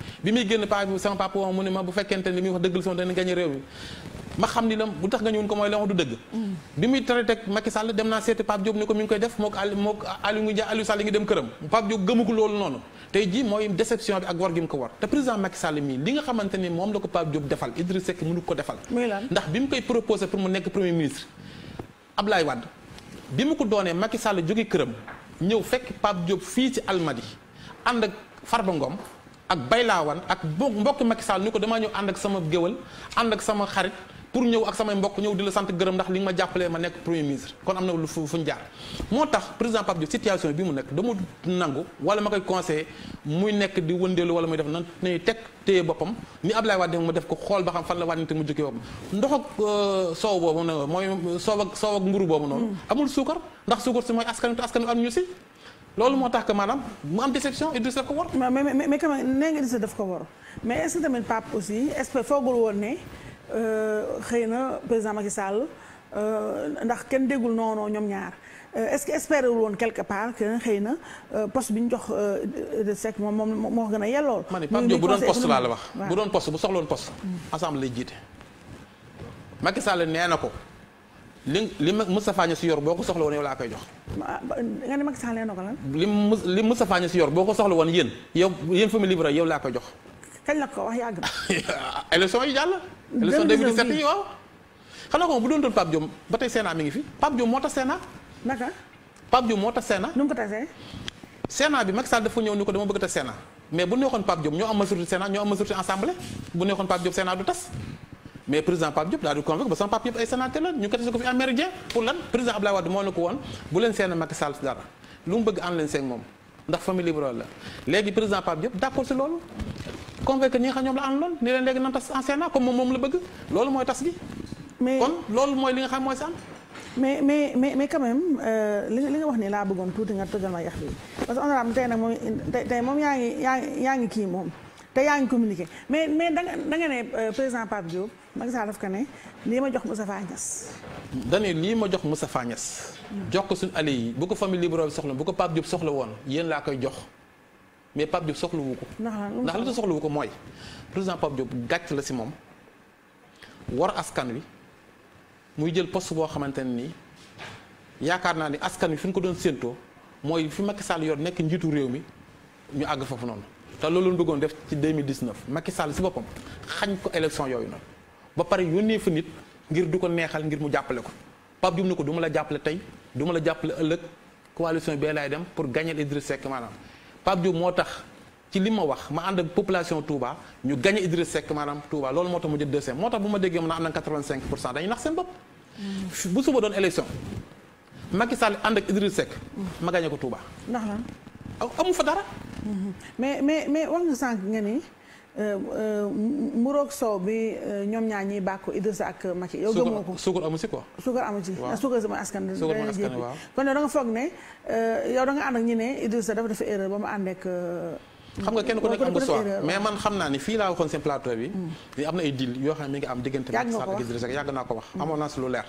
bi muy génn paa bi sama papa woo mu ne ma bu fekkente ni muy dëgg la sama dana gagné réew mi ma xam ni la bu tax nga ñëwoon ko mooy la wax du dëgg bi muy traité ak Macky Sall dem naa seeti Pape Diop ni koy def mook Aliou mook Aliou Ngouille Ndiaye Aliou ko loolu noonu tey jii mooy déception bi ak war gi mu ko war te président Macky Sall mii li nga xamante ni moom la ko Pape Diop defal Idriss Seck mënu ko defal ndax bi mu koy proposé pour mu nekk premier ministre Ablaye Wade bi mu ko doonee Macky Sall jóge ñëw fekk Pape Diop fii ci Almadi ànd ak Farba Ngom ak baylaawan ak mbokki Macky Sall ni ko damaa ñëw ànd ak sama géwal ànd ak sama xarit pour ñëw ak samay mbokk ñëw di la sant gërëm ndax li nga ma jàppalee ma nekk premier ministre kon am na lu fu fuñ jaar moo tax président Pape Diop bi mu nekk dama nangu wala ma koy conseillé muy nekk di wëndeelu wala muy def nan nay teg téye boppam ni Ablaye Wade ma def ko xool ba xam fan la wànnite mu jógee boppam ndox ak euh, soow boobu noonu mooy soow ak soow ak boobu noonu mm. amul suukar ndax suukar si mooy loolu moo tax que maanaam mu am déception Idriss daf ko war. mais mais mais quand nga Idriss daf ko war mais est ce que tamit Pape aussi est ce foogul woon ne euh, xëy na président Macky Sall euh, ndax kenn déggul noonu ñoom ñaar euh, est ce que espéré woon quelque part que xëy na poste bi ñu jox de sec moom moom moo gën a yellool. ma ne Pape Diop bu doon poste laa la wax. bu doon poste bu soxla woon poste. Mm. la jiit jiite. Macky Sall nee na ko. li li Moustapha Niasse yor boo ko soxla woon yow laa koy jox. nga ne Macky Sall leen ko lan. li mu li Moustapha Niasse yor boo ko soxla woon yéen yow yéen famille libre yow laa koy jox. kañ la ko wax yàgg na. élection yi jàll. élection 2017 yi waaw. xanaa ko bu doon doon Pape Diop ba tey Sénat mi ngi fii Pape Diop moo tax Sénat. naka. Pape Diop moo tax Sénat. nu mu ko tasee. Sénat bi Macky Sall dafa ñëw ni ko dama bëgg te tas mais bu neexoon Pape Diop ñoo am majorité Sénat ñoo am majorité assemblée bu neexoon Pape Diop Sénat du tas. mais président Pape Diop daal di convoqué ba sama Pape Diop ay sénateur la ñu katase ko fi américain pour lan président Abdoulaye Wade moo ne ko woon bu leen seen Macky Sall dara lu mu bëgg ànd leen seen moom ndax famille libérale nga xam nan tas moom moom la bëgg loolu mooy tas gi loolu mooy li nga xam mooy si am mais mais mais mais quand même euh, li nga wax ni laa bëggoon tuuti nga tojal ma yax bi parce que honorable tey nag moom tey moom yaa ngi yaa ngi yaa ngi kii moom te yaa ngi communiqué mais mais da da nga ne euh, président Pape Diop Macky Sall daf ko ne lii ma jox Moustapha Niass. dañuy lii ma jox Moustapha Niass. jox ko suñu alliés yi bu ko famille libérale soxla bu ko Pape Diop soxla woon yéen laa koy jox mais Pape Diop soxlawu ko. ndax li tax soxlawu ko mooy président Pape Diop gàcc la si moom war askan wi muy jël post boo xamante ne nii yaakaar naa ni askan wi fi ñu ko doon séentoo mooy fi Macky Sall yor nekk njiitu réew mi ñu àgg foofu noonu. te loolu la ñu bëggoon def ci 2019 Macky Sall si boppam xañ ko élection yooyu na ba pare yónnee fa nit ngir du ko neexal ngir mu jàppale ko Pape Diouf ne ko duma la jàppale tey duma la jàppale ëllëg coalition bee laay dem pour gagner Idriss Seck maanaam Pape Diouf moo tax ci li ma wax ma ànd ak population Touba ñu gagner Idriss Seck maanaam Touba loolu moo tax mu jël deuxième moo tax bu ma déggee mën na am na 85 pour cent dañuy nax hmm. doon élection Macky Sall ànd ak Idriss Seck. ma ko Touba. ndax amu fa dara. mais mais mais wax nga sànq nga ni euh, euh, mburoog soow bi euh, ñoom ñaar ñiy bàkku Idrissa ak Macky yow gëmoo ko suukar amu si quoi suukar amu ci suukar sama askan kon yow da nga foog ne yow da nga ànd ak ñu ne Idrissa dafa dafa erreur ba mu àndeek ak xam nga kenn ko nekk am nga soi mais man xam naa ni fii laa waxoon seen plateau bi ni hmm. am na ay deal yoo xam ne mi ngi am diggante Macky Sall ak Idrissa Seck yàgg naa ko wax hmm. amoon naa si lu leer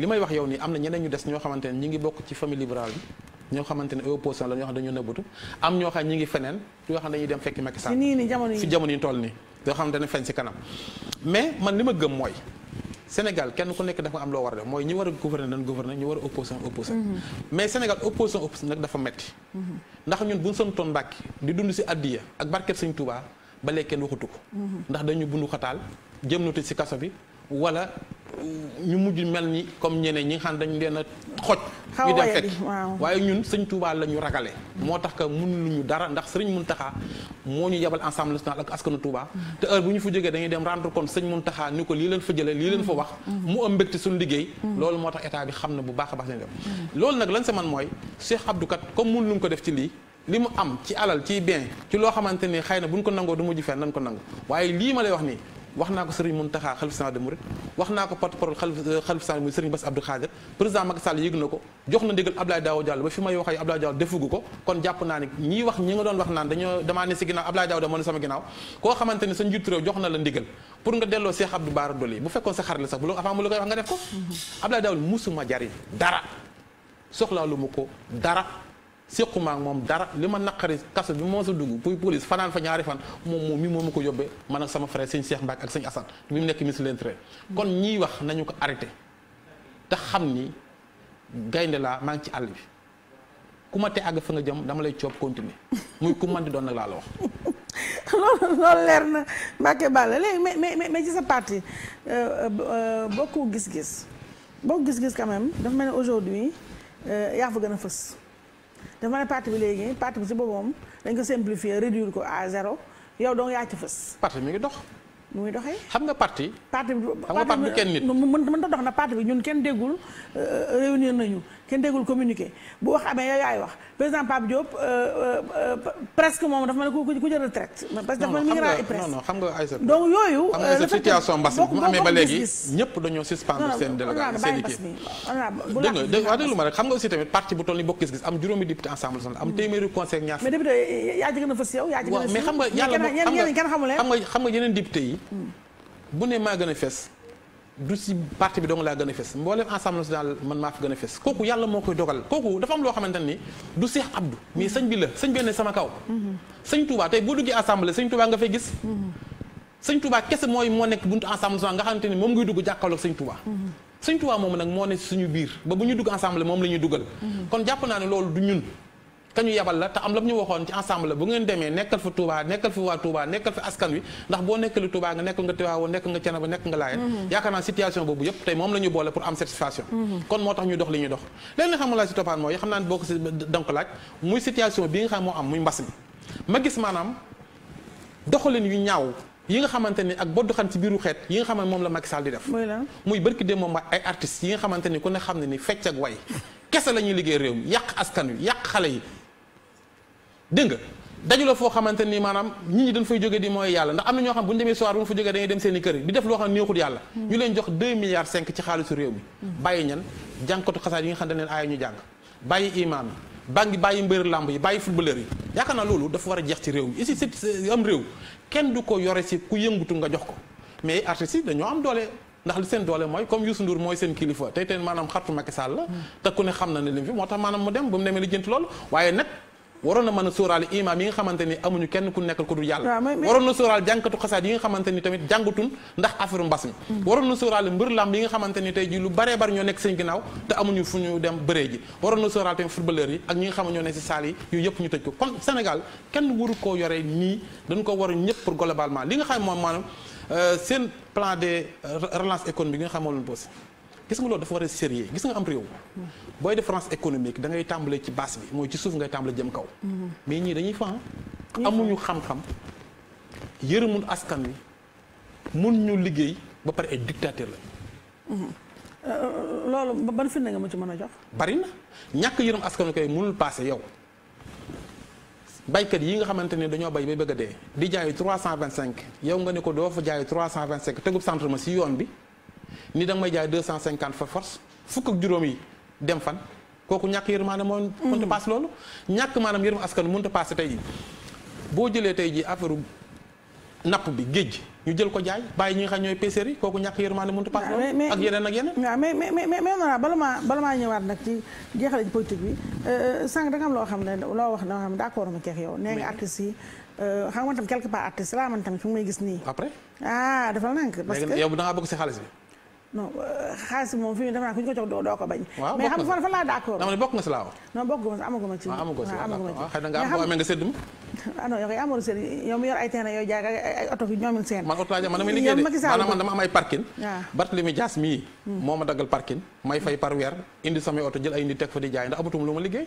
li may wax yow nii am na ñeneen ñu des ñoo xamante ne ñi ngi bokk ci famille libérale bi ñoo xamante ne opposition la ñoo xam dañoo nëbbatu am ñoo xam ñi ngi feneen yoo xam dañuy dem fekki Macky Sall si jamono toll nii yoo xamante ne feeñ si kanam mais man li ma g mooy Sénégal kenn ku nekk dafa am loo war a def mooy ñi war a gouverner nañ gouverner ñu war a opposant opposant mhm. mais Sénégal opposant opposant dafa metti mhm. ndax ñun buñ santoon Mbàkke di dund si addiya ak barket Sëñ Tuubaa ba léegi kenn waxatu ko mhm. ndax dañu bundu xataal jëm nu tëj si kaso bi wala ñu mujj mel ni comme ñeneen ñi nga xam dañu leen a xoj ñu dem waaye ñun sëñ Touba la ñu ragale moo tax que mënu lu ñu dara ndax sëriñ Mountakha moo ñu yebal Assemblée nationale ak askanu Touba te heure bu ñu fa jógee dañuy dem rendre compte sëñ Mountakha ni ko lii leen fa jëlee lii leen fa wax mu am mbégte suñu liggéey loolu moo tax état bi xam na bu baax a baax leen def loolu nag lan sa man mooy Cheikh Abdou comme mënu lu ko def ci lii li mu am ci alal ci bien ci loo na buñ ko nangoo du mujj fenn nañ wax naa ko Serigne Mountakha xalif général wax naa ko porte xalif euh, xalif général muy Serigne Bass Abdou Khadir président Macky Sall na ko jox na ndigal Abdoulaye Daouda Diallo ba fi may wax naa ne ñii wax sama ginnaaw koo xamante ne sa njiitu réew jox na la ndigal pour nga delloo Cheikh Abdou Bara Dolly bu fekkoon sa xar la sax bu la avant mu la koy wax nga def ko mm-hmm. Abdoulaye Daouda musuma jariñ dara soxlaalu ma ko dara séquma ak moom dara li ma naqari kaso bi moo sa dugg pour police fanaan fa ñaari fan moom moom mi moo ma ko yóbbee man ak sama frère sëñ Cheikh Mbacke ak sëñ Assane bi mu nekk ministre l'Intérieur kon ñiy wax nañu ko arrêté te xam ni gaynde laa maa ngi ci àll bi ku ma te àgg fa nga jëm dama lay coob continuer muy ku man di doon nag laa la wax loolu leer na Mbacke Balla léegi mais mais mais ci sa parti euh, euh, bokku gis-gis bokku gis-gis quand même dafa mel ne aujourd'hui euh, yaa fa gën a dafa ne parti bi léegi parti bi si boppam dañ ko simplifier réduire ko à zéro yow donc yaa ci fës. parti mi ngi dox. mu ngi doxee. xam nga parti. parti bi xam nga parti bi kenn nit. mënta dox na parti bi ñun kenn déggul euh, réunir nañu. kenn déggul communiqué bu wax amee yow yaay wax président Pape Diop euh, euh, presque moom dafa mel ni ku jël retraite. parce que dafa mel ni migrant et presse non non xam nga Aïssa donc yooyu. la euh, situation mbas bi mu amee ba léegi ñëpp dañoo suspendre seen délégation seen équipe. ma rek xam nga aussi tamit parti bu toll nii bokk gis-gis am juróomi député ensemble national am hmm. téeméeri conseil ak mais député yaa ci gën a fës yow. yaa ci gën a fës mais xam nga yàlla moom xam nga xam nga yeneen hmm. a du si parti bi dong laa gën a fës mboolem ensemble national man maa fi gën a fës kooku yàlla moo koy dogal kooku dafa am loo xamante ni du Seex Abdu mais sëñ bi la sëñ benn sama kaw sëñ Touba tey boo duggee assemblée sëñ Touba nga fay gis sëñ Touba kese mooy moo nekk buntu ensemble national nga xamante ni moom ngay dugg jàkkaarloog sëñ Touba sëñ Touba moom nag moo ne suñu biir ba bu ñu dugg ensemble moom la ñuy dugal mm-hmm. kon jàpp naa ne loolu du ñun kañu yabal la te am la mu ñu waxoon ci ensemble la bu ngeen demee nekkal fa Touba nekkal fi waa Touba nekkal fi askan wi ndax boo nekkali Touba nga nekkal nga Tiwaawoon nekk nga Thiénaba nekk nga Laayeen mhm. yaakaar naa situation boobu yëpp tey moom la ñu boole pour am satisfaction mhm. kon moo ñaaw yi nga xamante ni ak boddu xam ci biiru xeet yi nga xam ne moom la Macky Sall di def muy barki de moom yi nga xamante ni ku ne xam ne ni fecc ak way kese la yàq askan wi yàq xale yi dégg nga daju la foo xamante ni maanaam nit dañ fay jóge di mooy yàlla ndax am na ñoo xam bu ñu demee soir bu ñu fa jógee dañuy dem seen i kër di def loo xam ne yàlla hmm. ñu leen jox 2 milliards ci xaalisu réew mi hmm. bàyyi ñan xam ne leen jàng bàyyi imaam yi bàngi bàyyi mbëri làmb yi bàyyi footballeur yi loolu dafa war a jeex ci kenn du ko yore si ku nga jox ko mais artistes yi dañoo doole ndax li seen doole mooy comme Youssou kilifa tey hmm. te ku ne xam na ne lim fi moo tax maanaam mu dem ba mu demee lijjanti loolu waaye nag waroon na mën a sóoraale imaam yi nga xamante ni amuñu kenn ku nekkal ku dul yàlla waroon na sóoraale jànkatu xasaat yi nga xamante ni tamit jàngatun ndax affaire mbas mi mm. waroon na sóoraale mbër lamb yi nga xamante ni tey ji lu baree bari ñoo nekk seen ginnaaw te amuñu fu ñu dem bëree ji waroon na sóoraale tamit footballeur yi ak ñi nga xam ñoo nekk si saal yi yooyu yëpp ñu tëj ko kon Sénégal kenn waru koo yore nii dañ ko war ñëpp pour globalement li nga xam moom maanaam euh, seen plan de relance économique bi nga xam moo gis nga loolu dafa war a sérieux gis nga am réew booy défense économique da ngay tàmbale ci base bi mooy ci suuf ngay tàmbale jëm kaw mais ñii dañuy fan amuñu xam-xam yërëmul askan wi mun ñu liggéey ba pare ay dictateur la loolu ban firnde nga ma ci mën a jox bari na ñàkk yërëm askan wi koy mënul passé yow baykat yi nga xamante ne dañoo bay ba bëgg a dee di jaayu 325 yow nga ne ko doo fa jaayu cinq tegub centre ma si yoon bi ni da may jaay deux cent cinquante fa force fukk ak juróom yi dem fan kooku ñàkk yërmaande moo mm. mënta paase loolu ñàkk maanaam yërëm askan mënta paase tey ji boo jëlee tey ji affaire napp bi géej ñu jël ko jaay bàyyi ñi nga xam ñooy pêcheurs yi kooku ñàkk yërmaande mënta paase loolu ak yeneen ak yeneen waaw mais mais mais mais non bala maa bala maa ñëwaat nag ci jeexale ci politique euh, da loo xam ne ne d'accord ma keex yow nee nga artistes yi euh, xam nga man tam quelque part artiste may gis nii après ah nank parce que yow da ngaa bëgg si xaalis bi non euh, xaalis bi moom fi ñu def naa ku ñu ko jox doo doo ko bañ. mais xam nga fan laa d'accord. dama ne bokk nga si laaw. bokk ah, ah, ah, nga si amaguma boo amee nga séddum. ah non yow kay amoon seen mi yor ay terrain yooyu jaay ay oto fi ñoomin seen. man oto laa man dama liggéey mii. Hmm. moo ma daggal parking. may fay par weer indi samay oto jël ay indi teg fa di jaay ndax amatuma lu ma liggéey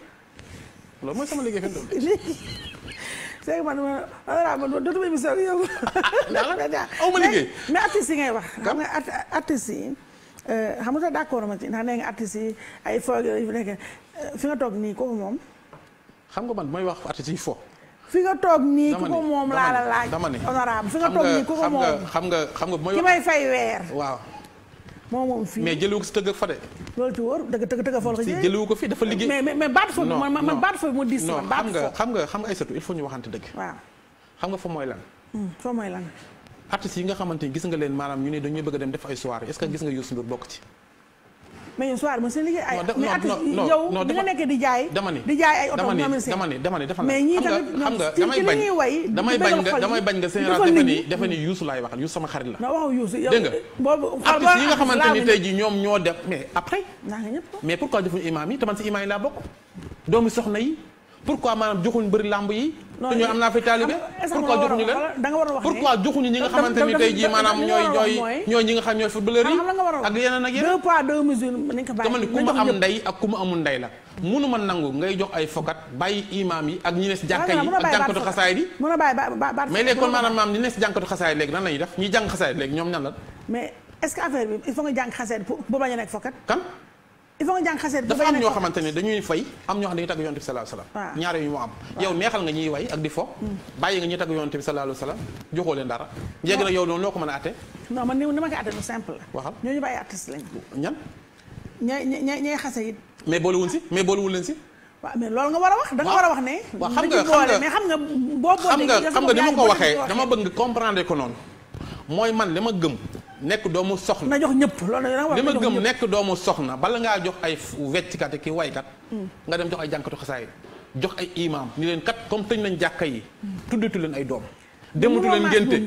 loolu mooy sama liggéey fi mu sëñ man man dootuma émission ak yow. aw ma liggéey mais artistes yi ngay wax. xam nga artistes yi euh, xam nga d'accord ma ci ndax nee nga artistes yi ay fo euh, fi nga toog nii kooku moom. xam nga man may wax artistes yi fo. fi nga toog nii ku moom laa la laaj. dama fi nga toog nii ku moom. xam nga xam nga xam nga ki may fay weer. moo moom fii mais jëliwu ko si tëgg ak fa de. loolu ci wóor dëgg tëgg tëgg fa la ko jëlee si jëliwu ko fii dafa liggéey. mais mais mais baatu man man baatu fa diis. non xam nga xam nga mooy lan. Hmm, fa mooy lan. artistes yi nga xamante gis nga leen maanaam ñu ne dañuy bëgg a dem def ay soirée est-ce que gis nga Youssou Ndour bokk ci mais yéen soir mos seen liggéey ay mais at yow bi nga nekkee di jaay dama ay oto dama ni dama ni dafa mais ñii tamit yow dégg xamante ni tey ji ñoom ñoo def mais après ñëpp mais pourquoi defuñu imam yi taman si imam yi laa bokk doomu soxna yi pourquoi maanaam joxuñ bëri lamb yi non ñu am naa fi taalibe pourquoi joxuñu leen da nga war a wax pourquoi joxuñu ñi nga xamante ni jii maanaam ñooy ñooy ñooy ñi nga xam ñooy footballeur yi ak yeneen ak yeneen deux nangu ngay jox ay fokat bàyyi imaam yi ak ñi ne si yi ak jànkatu xasaay yi mais léegi kon ñi ne xasaay léegi ñoom ñan la mais est affaire bi il faut nga jàng xasaay pour ba bañ a kan il faut nga jàng xaseet dafa am ñoo xamante ne dañuy fay am ñoo xam ne dañuy tagg yonent bi sallallahu alayhi wasallam ñaare yu mu am yow neexal nga ñuy way ak di fo mm. bàyyi nga ñuy tagg yonent bi sallallahu alayhi wasallam joxoo leen dara njëkk na yow noonu loo ko mën a atte non man ni ma ko atte lu simple la waxal ñooñu bàyyi artiste lañ ñan ñay ñay xase it mais boolewuñ si mais boolewul leen si waaw mais loolu nga war a wax da nga war a wax ne waaw xam nga xam nga mais xam nga boo xam nga xam nga ni ma ko waxee dama bëgg nga comprendre ko noonu mooy man li ma gëm nekk doomu soxna. jox ñëpp loolu li ma gëm nekk doomu soxna bala ngaa jox ay wecckat ki kat mm. nga dem jox ay jànkatu xasaay jox ay imaam ñi leen kat comme tëj nañ jàkka yi. Mm. tuddatu leen ay doom. demutu leen ngénte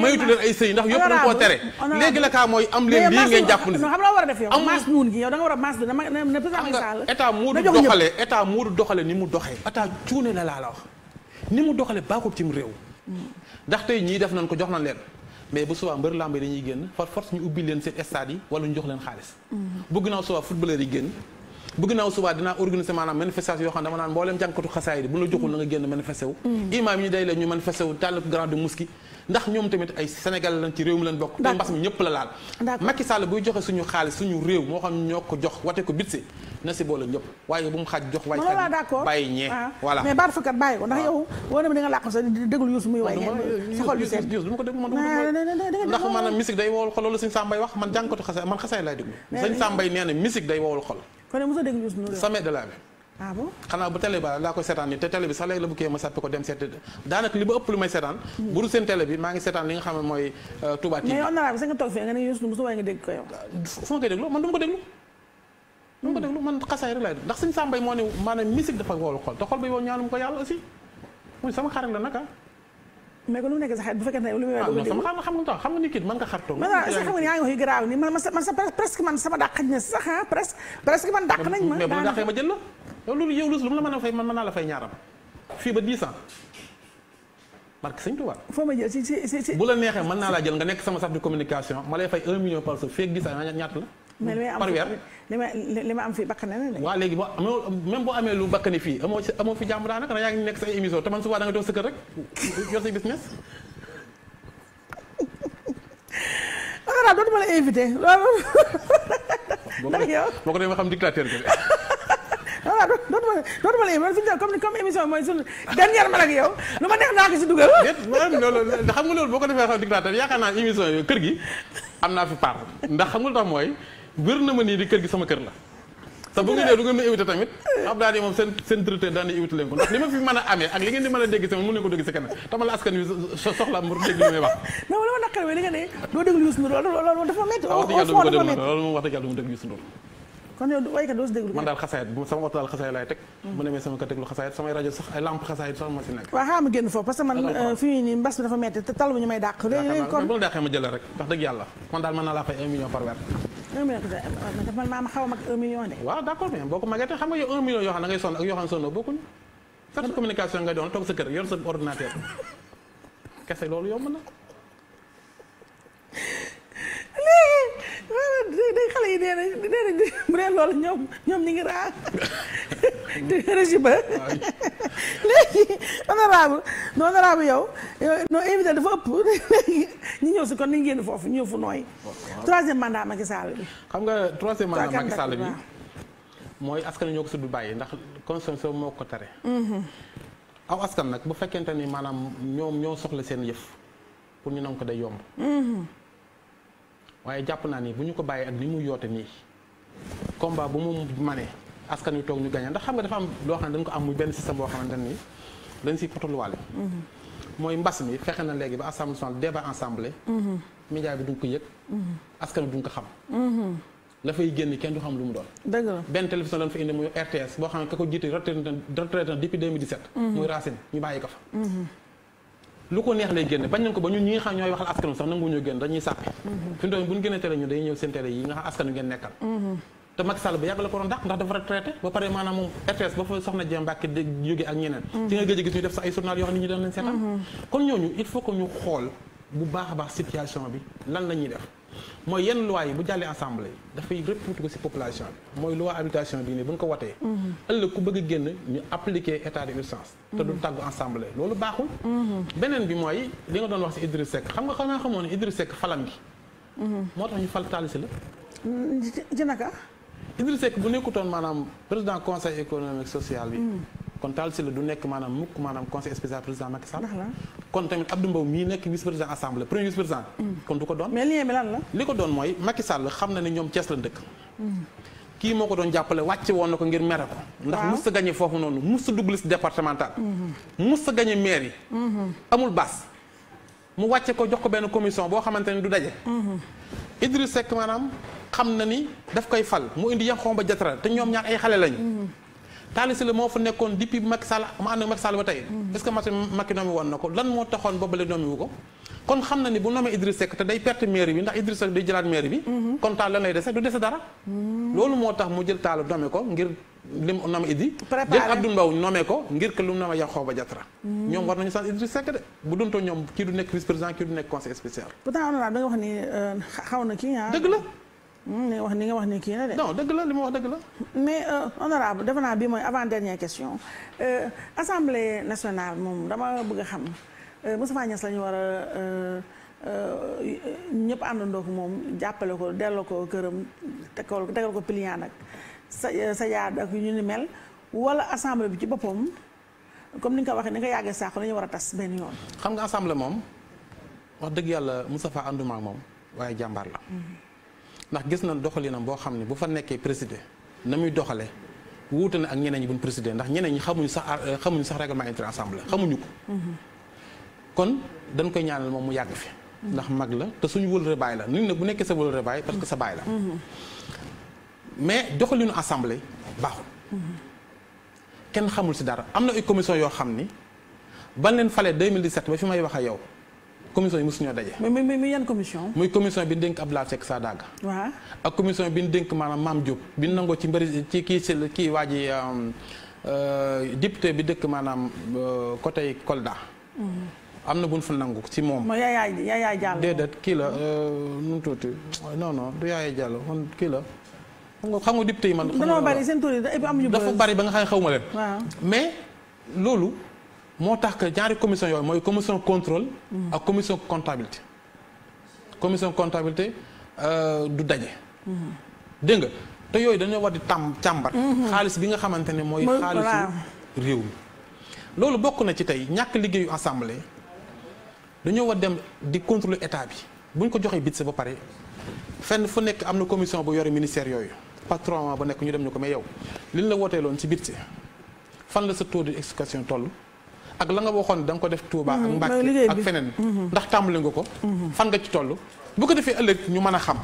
mayutu leen ay sëy ndax yëpp dañ koo tere léegi la kaa mooy am leen lii ngeen jàpp ni xam a def yow maas ñuun gi yow nga war a maas ne président Sall état du doxale état moo du doxale ni mu doxee état cuune la laa la wax ni mu doxale baaxul cim réew mm. ndaxte ñii def nañ ko jox na leen mais bu subaa mbër lamb yi dañuy génn par force ñu ubbi leen seen stade yi wala ñu jox leen xaalis mhm. bu ginnaaw subaa footballeur yi génn bu ginnaaw subaa dinaa organiser maanaam manifestation yoo xam ne dama naan mbooleem jànkatu xasaay bu la joxul na génn manifesté wu mhm. yi ñu day leen ñu manifesté wu grande mosquée ndax ñoom tamit ay Sénégal lañ ci réew mi lañ bokk te mbas mi ñëpp la laal Macky Sall buy joxe suñu xaalis suñu réew moo xam ñoo ko jox wate ko bitse na si boole ñëpp waaye bu mu xaaj jox waay d'accord bàyyi ñee ah. voilà mais baat fakat bàyyi ko ndax yow woo na ma di nga làqu sa déglu Youssou muy way sa man ah, ndax maanaam day wowal xol loolu sëñ Sambay wax man jàngkatu xasay man xasay laay déglu sëñ Sambay nee na musique day wowal xol kon mos a déglu Youssou jamais ah bon xanaa bu télé ba laa koy seetaan nii te télé bi sax léegi la bu kii ma sàppi ko dem seet daanaka li ba ëpp lu may seetaan. bu dul seen télé bi maa ngi seetaan li nga xam ne mooy euh, Touba TV. mais yow Nara bi sa nga toog fii nga ne Youssou Ndour nga dégg ko yow. fu ma koy déglu man du ma ko déglu. du ma ko déglu man xasaay rek laay déglu ndax suñu sàmbay moo ne maanaam musique dafa woolu xol te xol ba yow ñaanum ko yàlla aussi muy sama xarit la naka. mais ko lu mu nekk sa xarit bu fekkee ne lu muy wax ah, dama xam xam nga tax xam nga ni kii man nga xartoo man xam nga ni yaa ngi wax yu garaaw ni man man sa presque man sama dàq xaj na sax ah, presque presque man dàq nañ ma mais bu dàqee ma jël la yow loolu yow lu mu la mën a fay man mën naa la fay ñaaram fii ba 10 ans barke sëñ Tuubaa foo ma jël si si si bu la neexee mën naa laa jël nga nekk sama saf di communication ma lay fay 1 million par sa feeg 10 ans ñaata la. ma li am fii bakk na la waaw léegi boo même boo amee lu bakk ni fii amoo ci amoo fi jàmm daanaka yaa ngi nekk say émission te man souvent da nga toog sa kër rek yor say business. waaw ah, dootuma la invité loolu. ndax yow boo ko demee xam dictateur bi. voilà dootuma loolu xam nga loolu boo ko defee xaw dictateur yaakaar naa émission yooyu na ma nii di kër gi sama kër la. te bu ngeen nee du ngeen ma tamit li ma fi mën a amee ak li ngeen di mën a dégg sama mën na ko dégg si keneen tamal la ma naqar li nga ne doo déglu Youssou Ndour loolu loolu dafa métti loolu moom wax dëgg kon yow waykat doo si déglu man daal xasaayit sama oto daal xasaayit laay teg bu nemee sama kër déglu xasaayit samay rajo sax ay lamp xasaayit sax ma si waaw xaaral ma génn foofu parce que man euh, fi nii mbas bi dafa metti te bu ñu may dàq la dàqee rek man daal mën naa laa euh, xaw a mag un million de waaw d'accord mais boo ko magee te xam nga yow un million yoo xam ngay sonn ak yoo xam ne sonnoo bokkuñu communication nga doon toog sa kër yor sa na day xale yi nee nañ ngi ba léegi honorable non honorable yow dafa ëpp léegi ñu ñëw si kon ni ñu xam nga troisième mandat Macky Sall bi mooy askan ñoo ko suddu bàyyi ndax constitution moo ko tere mhm. aw askan nag bu fekkente ni maanaam ñoom ñoo soxla seen yëf pour ñu nangu ko day yomb mhm. waaye jàpp naa ni bu ñu ko bàyyee ak li mu yoote nii combat bu mu manee askan wi toog ñu gañe ndax xam nga dafa am loo xam ne dañ ko am muy benn système boo xamante ni dañ siy potoluwaale mm-hmm. mooy mbas mi fexe na léegi ba assemblée nationale débat assemblée mm-hmm. média bi duñ ko yëg mm-hmm. askan wi duñ ko xam la fay génn kenn du xam lu mu doon dëgg la benn télévision lañ fa indi muy RTS boo xam ka ko jiite retraité na depuis 2017 muy Racine ñu bàyyi ko fa lu ko neex lay génne bañ nañ ko ba ñun ñi nga xam ñooy waxal askan sax nangu ñoo génn dañuy sàppi mhm. fi bu ñu génnee télé ñu dañuy ñëw seen télé yi nga xam askan ngeen nekkal mhm. te Macky Sall ba yàgg la ko doon dàq ndax dafa retraité ba pare maanaam moom RTS ba fa soxna Dieng Mbacke di jóge ak ñeneen mhm. ci nga gëj a gis ñu def sax ay journal yoo xam ne ñu doon leen kon ñooñu il faut que ñu xool bu baax a baax situation bi lan la ñuy def mooy yenn loi yi bu jàllee assemblée dafay reporté ko ci population bi mooy loi habitation bi nii bu ñu ko watee mhm. ëllëg ku bëgg a génn ñu appliquer état d'urgence te du mhm. tàggu assemblée loolu baaxul mhm. beneen bi mooy li nga doon wax ci Idriss Seck xam nga xanaa xamoon ne Idriss Seck falam gi moo tax ñu fal Talla Sylla la ci mm, naka Idriss Seck bu nekkutoon maanaam président conseil économique social bi kon Tall Sylla du nekk maanaam mukk maanaam conseil spécial président Macky Sall kon tamit Abdou Mbow mii nekk vice président assemblée premier vice président mm. kon du ko doon mais li ko doon mooy Macky Sall xam na ne ñoom Thiès la dëkk mm. kii moo ko doon jàppale wàcce woon na ko ngir mere ko ndax musta gañe foofu noonu musta dugg liste départemental mm-hmm. musta gañe maire yi mm-hmm. amul bas mu wàcce ko jox ko benn commission boo xamante ni du daje mm-hmm. Idriss Seck maanaam xam ni daf koy fal mu indi Yankhoba Diattara te ñoom ñaar ay xale Talla Sylla moo fa nekkoon depuis Macky Sall mu ànd ak Macky Sall ba tey. Mm-hmm. est-ce que Macky Macky nommé na ko lan moo taxoon ba bële ko. kon xam na ni bu nommé Idriss Seck te day perte mairie bi ndax Idriss Seck day jëlaat mairie bi. Mm-hmm. kon Talla lan lay dese du dese dara. Mm-hmm. loolu moo tax mu jël Talla nommé ko ngir lim nommé Iddi. préparé jël Abdou ko ngir que lu mu nommé Yankhoba Diattara. ñoom war nañu sant Idriss Seck de bu dontoo ñoom kii du nekk vice président kii du nekk conseil spécial. Hmm, mais wax ni nga wax ni kii na de. non dëgg la li ma wax dëgg la. mais euh, honorable defe naa bii mooy avant dernière question euh, assemblée nationale moom dama bëgg a xam euh, Moustapha Niasse lañu war a ñëpp àndandoo ko moom jàppale ko delloo ko këram tegal ko tegal ko pliant nag sa sa yaad ak yu ñu ni mel wala assemblée bi ci boppam comme ni nga ko waxee ni nga ko yàggee saako dañu war a tas benn yoon. xam nga assemblée moom wax dëgg yàlla Moustapha ànduma moom waaye jàmbaar ndax gis nañ doxalinam boo xam ne bu fa nekkee président na muy doxalee wuute na ak ñeneen ñi buñ président ndax ñeneen ñi xamuñu sax euh, xamuñu sax règlement intérieur assemblée xamuñu ko. Mm-hmm. kon dañ koy ñaanal moom mu yàgg fi. ndax mag la te suñu wëlre baay la nit ne bu nekkee sa wëlre baay parce que sa baay la. Mm-hmm. mais doxalinu assemblée baaxul. Mm-hmm. kenn xamul si dara am na ay commission yoo xam ni ban leen fale 2017 ba fi may wax ak yow. commission yi mosuñoo daje. mais mais mais yan commission. muy commission bi ñu dénk Abdoulaye Seck Sadaga. waaw ak commission bi ñu dénk maanaam Mame Diop bi nangoo ci mbëri ci kii si kii waa ji euh, euh, député bi dëkk maanaam euh, côté Kolda. Mm-hmm. am na bu nangu ci moom. mooy Yaya Yaya Diallo déedéet kii la nu mu tuuti non du Yaya Diallo man kii la. nga député yi man. dafa bari seen tur yi dafa bari ba nga xam ne xaw ma leen. mais loolu. moo tax que ñaari commission yooyu mooy commission contrôle. ak commission comptabilité. commission comptabilité euh, du daje. dégg nga te yooyu dañoo war di tàmm càmbar. Mhm. xaalis bi nga xamante ne mooy. xaalisu réew mi. loolu bokk na ci tey ñàkk liggéeyu assemblée dañoo war dem di contrôler état bi bu ñu ko joxee bit sa ba pare fenn fu nekk am na commission bu yore ministère yooyu patron ba nekk ñu dem ñu ko mais yow li ñu la wootee loon ci bit si fan la sa taux de exécution toll. ak la nga waxoon da nga ko def Touba ak mhm, Mbacke ak feneen mhm. ndax tàmbali nga ko mhm. fan nga ci toll bu ko defee ëllëg ñu mën a xam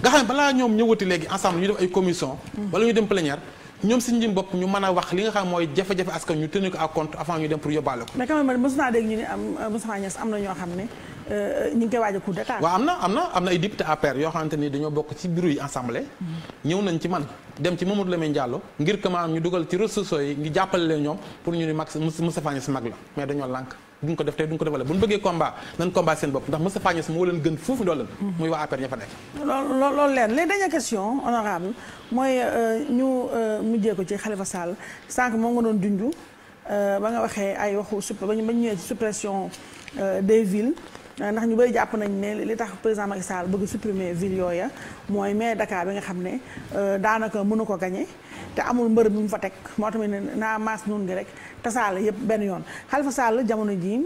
nga xam ne balaa ñoom ñëwati léegi ensemble ñu def ay commission wala ñu dem plénière ñoom si njim bopp ñu mën a wax li nga xam mooy jafe-jafe askan ñu tenir ko à compte avant ñu dem pour yóbbaale ko mais quand même mës naa dégg ñu ne am euh, Moustapha Niass am na ñoo xam ne ñu ngi koy waaj a cour de cassation. waaw am na am na am na ay député APR yoo xamante ni dañoo bokk ci bureau yi assemblée. Mm-hmm. ñëw nañ ci man dem ci Mamadou Lamine Diallo ngir que maanaam ñu dugal ci ressources yi ngi jàppale leen ñoom pour ñu ni Max Moustapha Niasse mag la mais dañoo lànk. duñ ko def tey duñ ko defale bu ñu bëggee combat nañ combat seen bopp ndax Moustapha Niasse moo leen gën foofu doole. Mm-hmm. muy waa APR ña fa nekk. loolu leen les dernières questions honorable mooy euh, ñu euh, ko ci Khalifa Sall sànq moom nga doon dundu euh, ba nga waxee ay waxu supp ba ñu ñëwee ci suppression des villes. Euh, ndax ñu bëri jàpp nañ ne li tax président Macky Sall bëgg supprimer ville yooya mooy maire Dakar bi nga xam ne euh, daanaka mënu ko gañe te amul mbër bi mu fa teg moo tamit naa mas noonu gi rek tasaale yëpp benn yoon Khalifa Sall jamono jii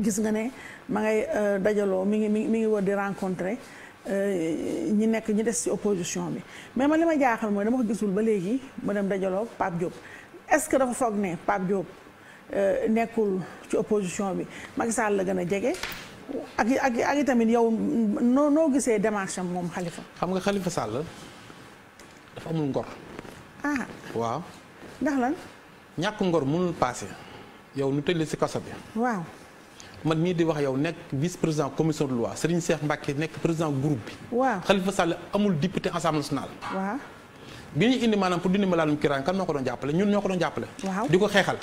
gis nga ne ma ngay euh, dajaloo mi ngi mi mi ngi war di rencontrer ñi nekk ñi des ci opposition bi mais ma li ma jaaxal mooy dama ko gisul ba léegi ma dem dajaloo Pape Diop est-ce que dafa foog ne Pape Diop. Euh, nekkul ci opposition bi Macky Sall la gën a jege ak ak ak tamit yow noo noo gisee démarche am moom Khalifa. xam nga xalifa Sall dafa amul ngor. ah waaw. ndax lan. ñàkk ngor mun paase yow nu tëj la si kaso bi. waaw. man mii di wax yow nekk vice président commission de loi Serigne Cheikh Mbacke nekk président groupe bi. waaw Khalifa Sall amul député assemblée nationale. waaw. bi ñu indi maanaam pour dindi ma laalum kiraan kan moo ko doon jàppale ñun ñoo ko doon jàppale. di ko xeexal.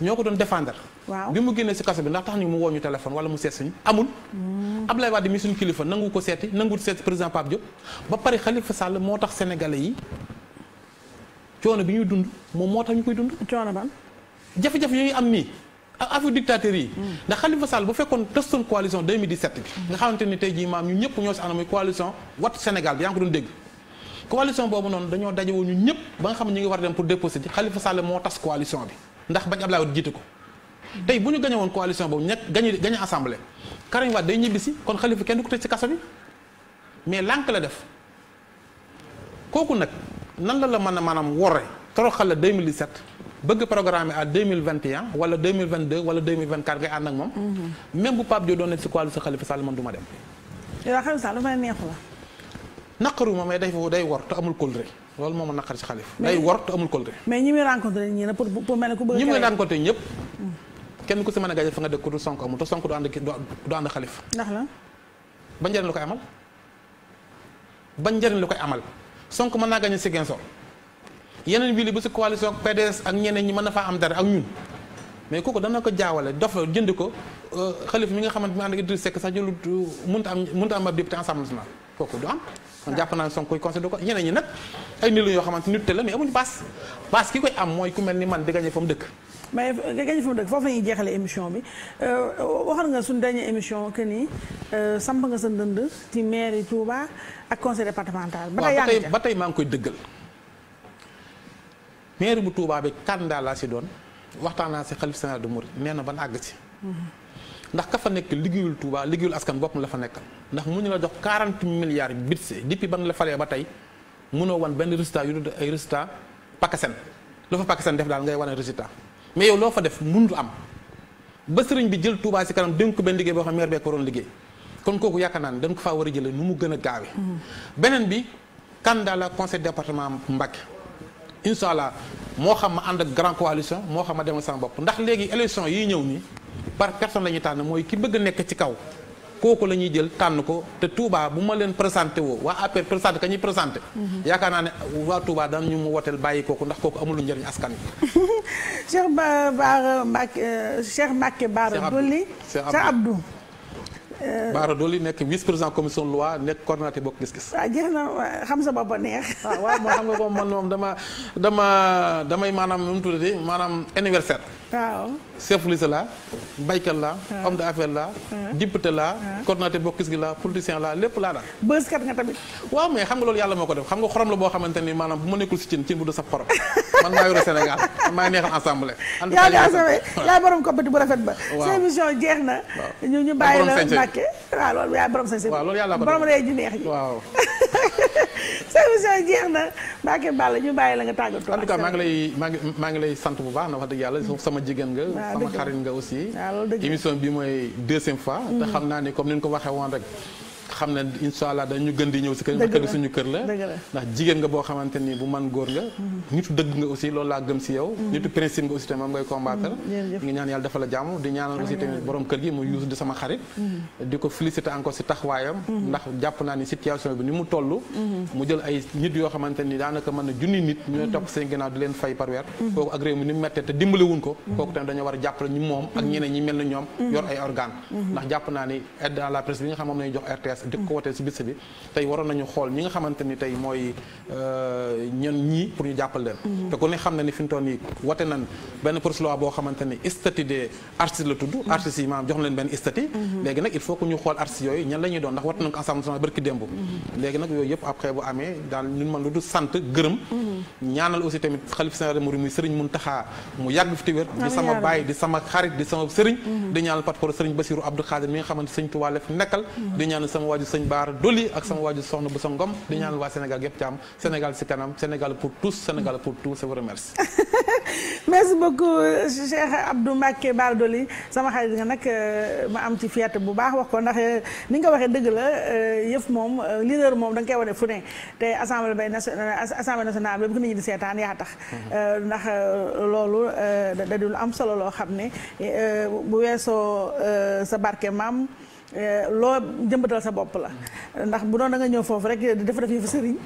ñoo ko doon défendre. waaw bi mu génnee si kaso bi ndax tax ni mu woo ñu téléphone wala mu seet suñu amul. Hmm. Abdoulaye Wade mi suñu kilifa nangu ko seet nangu seeti président Pape Diop ba pare Khalifa moo tax sénégalais yi coono bi ñuy dund moom moo tax koy dund. coono ban jafe-jafe yooyu am nii. ak affaire dictateur yi. Hmm. ndax Khalifa Sall bu fekkoon tëstoon coalition 2017 bi. nga xamante ni tey jii maam ñun ñëpp ñoo si anam coalition wattu Sénégal bi yaa ngi ko doon dégg. coalition boobu noonu dañoo daje woon ñun ñëpp ba nga xam ne ñu ngi war a dem pour moo tas coalition bi. ndax bañ Abdoulaye Wade jiitu ko tey bu ñu gañe woon coalition boobu ñekk gañe gañe assemblée Karim Wade day ñibbisi kon xalifa kenn du ko te ci kaso bi mais lànk la def kooku nag nan la la mën a maanaam wore toroxal la 2017 bëgg programme à 2021 wala 2022 wala 2024 ngay ànd ak moom. Mhm. même bu Pape Diop doon nekk ci coalition Khalifa Sall man du ma dem. yow Khalifa Sall lu ma neexu la. naqaru ma mais day foofu day wor te amul kóllëre. loolu moo ma naqari si xalif day wor te amul colté mais ñi muy rencontré ñi muy rencontré ñëpp hmm. kenn ku si mën a gaje fa nga dëkk ku dul sonk amul te sonk du ànd du ànd xalif ndax la ba njëriñ lu koy amal ba njëriñ la koy amal sonk mën naa gañe si Ziguinchor yeneen ville bu si coalition PDS ak ñeneen ñi mën na faa am dara ak ñun mais kooku dana ko jaawale dof jënd ko euh, xalif mi nga xamante mi ànd ak Idriss Seck sax jëlu euh, mënut am mënut am ab député ensemble national kooku du am kon jàpp naa ne Sonko koy conseil du ko ñeneen ñi nag ay nit lu yoo xamante nit te la mais amuñu baas baas ki koy am mooy ku mel ni man di gañe fa mu dëkk mais euh, gañe fa mu dëkk foofu la ñuy jeexale émission bi euh, waxoon nga suñ dernière émission que nii euh, samp nga sa ndënd ci mairie Touba ak conseil départemental ba tey maa ngi koy dëggal mairie bu Touba bi candidat laa si doon waxtaan naa si xalif général de Mouride nee na ban àgg ci mhm. ndax ka fa nekk liggéeyul Touba liggéeyul askan boppam la fa nekkal ndax mu ñu la jox 40 milliards bitse depuis ban la falee ba tey mënoo wan benn résultat yu dul ay résultat pakaseen loo fa pakaseen def daal ngay wane résultat mais yow loo fa def mënut am ba sëriñ bi jël Touba ci kanam dénk ko benn liggéey boo xam ne maire bee ko waroon liggéey kon kooku yaakaar naa ne dañ ko faa war a jëlee nu mu gën a gaawe mm-hmm. beneen bi candidat la conseil département Mbacké incha allah moo xam ma ànd ak grand coalition moo xam ma demal sama bopp ndax léegi élection yi ñëw nii par personne la ñuy tànn mooy ki bëgg a nekk ci kaw kooku la ñuy jël tànn ko te Touba bu ma leen présenté woo waa APR présenté ka ñuy présenté. yaakaar naa ne waa Touba daan ñu mu woteel bàyyi kooku ndax kooku amul njëriñ askan wi. Cheikh Ba Baara Mbacke euh, Cheikh Mbacke Baara Dolli Cheikh Abdou. Baara Doli nekk vice président commission loi nekk coordonnateur bokk gis-gis. waaw jeex na xam sa bopp neex. ah waaw moo xam nga ko man moom dama dama damay maanaam nu mu tuddati maanaam anniversaire. waaw chef liste la baykat la. Ah. homme d'affaires la. Ah. député la. Ah. coordonnateur bokk gis-gis la politicien la lépp laa daal. bëskat nga tamit. waaw mais xam nga loolu yàlla moo ko def xam nga xorom la boo xamante ni maanaam bu ma nekkul si cin cin bu dul saf xorom. man maa yore Sénégal man maa neexal ensemble. yaa ngi assemblée yaay borom koppati bu rafet ba. waaw sa émission jeex na. ñu ñu bàyyi la Mbacke. waaw loolu yàlla ko borom ree ji neex ji. waaw. sa émission jeex na Mbacke Balla ñu bàyyi la nga tàggatoo. en tout cas maa ngi lay maa ngi ngi lay sant bu baax na wax dëgg yàlla mm. sama jigéen nga. sama xarit nga aussi. émission bi mooy deuxième fois. Mm. te xam naa ni comme ni ñu ko waxee woon rek. xam ne incha allah dañu gën di ñëw si kër ndax kër suñu la ndax jigéen nga boo xamante bu man góor nga mhm. nitu dëgg nga aussi loolu laa gëm si yow mhm. nitu principe nga aussi tamit moom ngay combattre mhm. la jàmm di ñaanal aussi tamit borom kër gi mu yuus ko féliciter encore si taxawaayam ndax jàpp naa ni situation bi ni mu toll mu jël ay nit yoo xamante ni daanaka mën na junni nit ñooy topp seen ginnaaw di leen fay par weer kooku ak réew ni mettee te dimbali wuñ ko kooku tamit dañoo war a jàppale na ñoom yor ay organe ndax jàpp la presse moom nañu jox di ko wotee si bis bi tey waroon nañu xool ñi nga xamante tey mooy euh, ñen ñii pour ñu jàppal leen mm-hmm. te ku ne xam na ni fi mu toll nii wote nan benn projet loi boo xamante ni statut des la tudd mm-hmm. artistes yi maanaam jox leen benn statut mm-hmm. léegi nag il faut que ñu xool artistes yooyu ñan la ñuy doon ndax wote nañ ko Assemblée nationale barki démb léegi nag yooyu yëpp après bu amee daal ñun man lu du sant gërëm ñaanal aussi tamit xalif général muy sëriñ Muntaxa mu yàgg fi te wér di sama baay di sama xarit di sama sëriñ di ñaanal pat pour sëriñ waaju sëñ Baara Doli ak sama waaju soxna bu sa ngom di ñaanal waa Sénégal yëpp jàmm Sénégal si kanam Sénégal pour tous Sénégal pour tous je vous remercie merci beaucoup Cheikh Abdou Mbacké Baara Doli sama xarit nga nag euh, ma am ci fierté bu baax wax ko ndax euh, ni nga waxee dëgg la euh, yëf moom leader moom da nga koy wane fu ne te assemblée bay assemblée nationale bi bu nit ñi di seetaan yaa tax mhm. ndax loolu da di lu am solo loo xam ne bu weesoo sa barke maam Eh, loo jëmbatal sa bopp la ndax bu doon da ñëw foofu rek eh, di def def yëfu sëriñ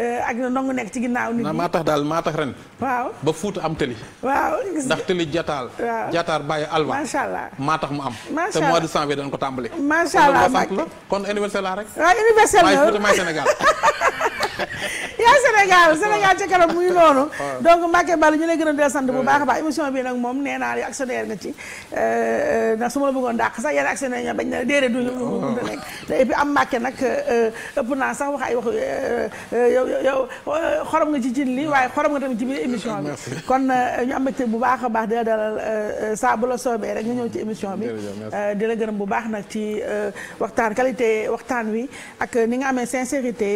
eh, ak ndongo nekk ci ginnaaw nit ñi maa tax daal maa tax ren waaw ba fuut am tëli waaw ndax tëli jataal waaw jataar bàyyi alwa macha allah maa tax mu am te mois de janvier dañ ko tàmbali macha allah kon universel la rek waaw universel la waaye Fuuta maay Sénégal yaa Sénégal Sénégal ca kanam muy noonu donc Mbacké Balla ñu lay gën a sant bu baax a baax émission bi nag moom nee naa yow actionnaire nga ci euh, euh, ndax su ma la bëggoon dàq sax yenn actionnaire ñoo bañ na déedéet duñu mënta nekk oh. te am Mbacké nag euh, ëpp naa sax wax ay wax yow xorom nga ci cin li waaye xorom nga tamit ci biir émission bi kon ñu am mbégte bu baax a baax di la dalal saa la soobee rek nga ñëw ci émission bi di la gërëm bu baax nag ci waxtaan qualité waxtaan wi ak ni nga amee sincérité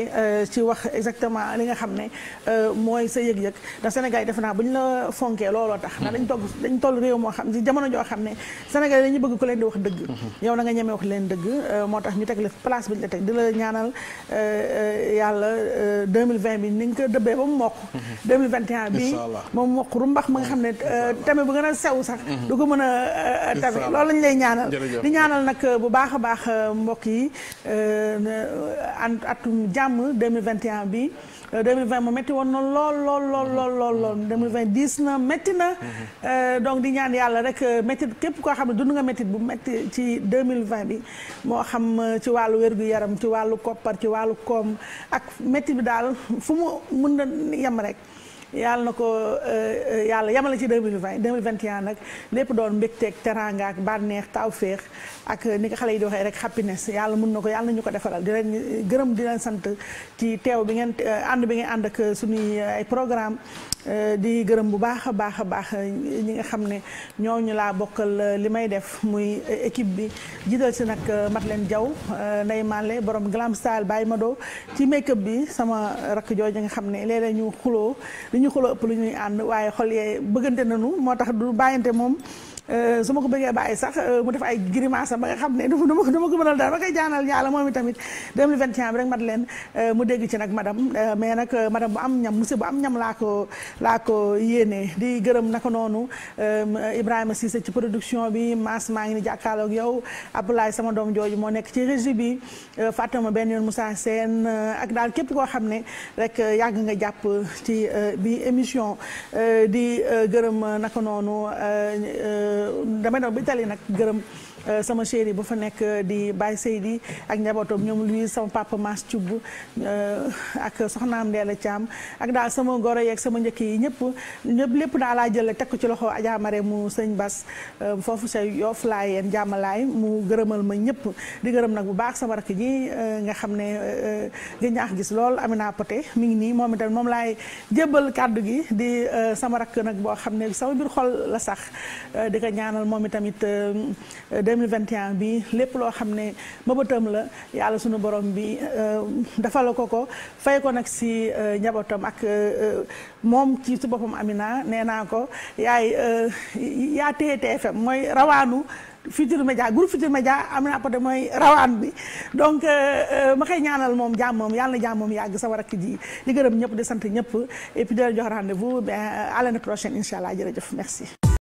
ci wax exactement li nga xam ne euh, mooy sa yëg-yëg ndax Sénégal yi defe naa bu ñu la fonkee looloo tax ndax dañ togg dañ toll réew moo xam ci jamono joo xam ne Sénégal yi dañu bëgg ku leen di wax dëgg mhm. yow na nga ñemee wax leen dëgg euh, moo tax ñu teg la place bi ñu la teg di la ñaanal euh, yàlla 2020 bi ni nga ko dëbbee ba mu mokk 2021 mhm. bi moom mokk ru mbax ma nga xam ne tamit bu gën a sew sax mhm. du ko mën a tabe loolu lañ lay ñaanal di ñaanal nag bu baax a baax mbokk yi atum jàmm corona bi 2020 mu métti woon na lool lool lool mhm. lool lool lool 2020 diis na métti na mhm. euh, donc di ñaan yàlla rek euh, métti képp koo xam ne dund nga métti bu métti ci 2020 bi moo xam euh, ci wàllu wér-gu-yaram ci wàllu koppar ci wàllu koom ak métti bi daal fu mu mën na yem rek yàlla na ko euh, euh, yàlla yamala ci 2020 2021 nag lépp doon mbégteeg teranga ak bànneex feex ak euh, ni nga xale yi di waxee rek happiness yàlla mun na ko yàlla nañu ko defaral di leen gërëm di leen sant ci teew bi ngeen ànd bi ngeen ànd ak suñuy ay programme di gërëm bu baax a baax a baax ñi nga xam ne ñu laa bokkal li may def muy équipe bi jiital si nag mat leen jaw nday male borom glam style bàyyi ma doo ci make up bi sama rakk jooju nga ñu xuloo ëpp lu ñuy ànd waaye xol yee bëggante nañu moo tax du bàyyante moom Euh, su ma ko bëggee bàyyi sax euh, mu def ay grimace ba nga xam ne duma duma ko mënal dara ba koy jaanal yàlla moom itamit 2021 bi mat leen euh, mu dégg ci nag madame mais nag madame bu am ñam monsieur bu am ñam laa ko laa ko yéene di gërëm naka noonu si Cissé ci production bi Mass maa ngi ni jàkkaarloo ak yow Abdoulaye sama doom jooju moo nekk ci régie bi fàttama benn yoon Moussa Sène ak daal képp koo xam ne rek yàgg nga jàpp ci bi émission di gërëm na noonu damay daw ba Italie nag gërëm Euh, sama chéri bu fa nekk euh, di Baye Seydi ak njabootam ñoom luy sama papa Mass Thioub euh, ak soxnaam Ndeela Thiam ak daal sama goro yeek sama njëkk yi ñëpp ñëpp lépp daal laa jël teg ci loxo Adja mu sëñ Bas foofu sa Yoff laay yeen jàmmalaay mu gërëmal ma ñëpp di gërëm nag bu baax sama rakk ji nga xam ne gën ñaax gis lool Amina Poté mi ngi nii moom itam moom laay jébbal kàddu gi di sama rakk nag boo xam ne sama biir xol la sax di ko ñaanal moom itamit 2021 bi lépp loo xam ne mëbëtam la yàlla suñu borom bi euh, dafa la ko ko fay ko nag si euh, njabootam ak euh, moom ci su boppam Amina nee naa ko yaay yaa téye TFM mooy rawaanu Futurs Médias groupe Futurs Médias Amina Poté mooy rawaan bi donc ma koy ñaanal moom jàmmam yàlla na jàmmam yàgg sa war ak ji di gërëm ñëpp di sant ñëpp et puis di leen jox rendez-vous ben à l'année prochaine incha allah jërëjëf merci.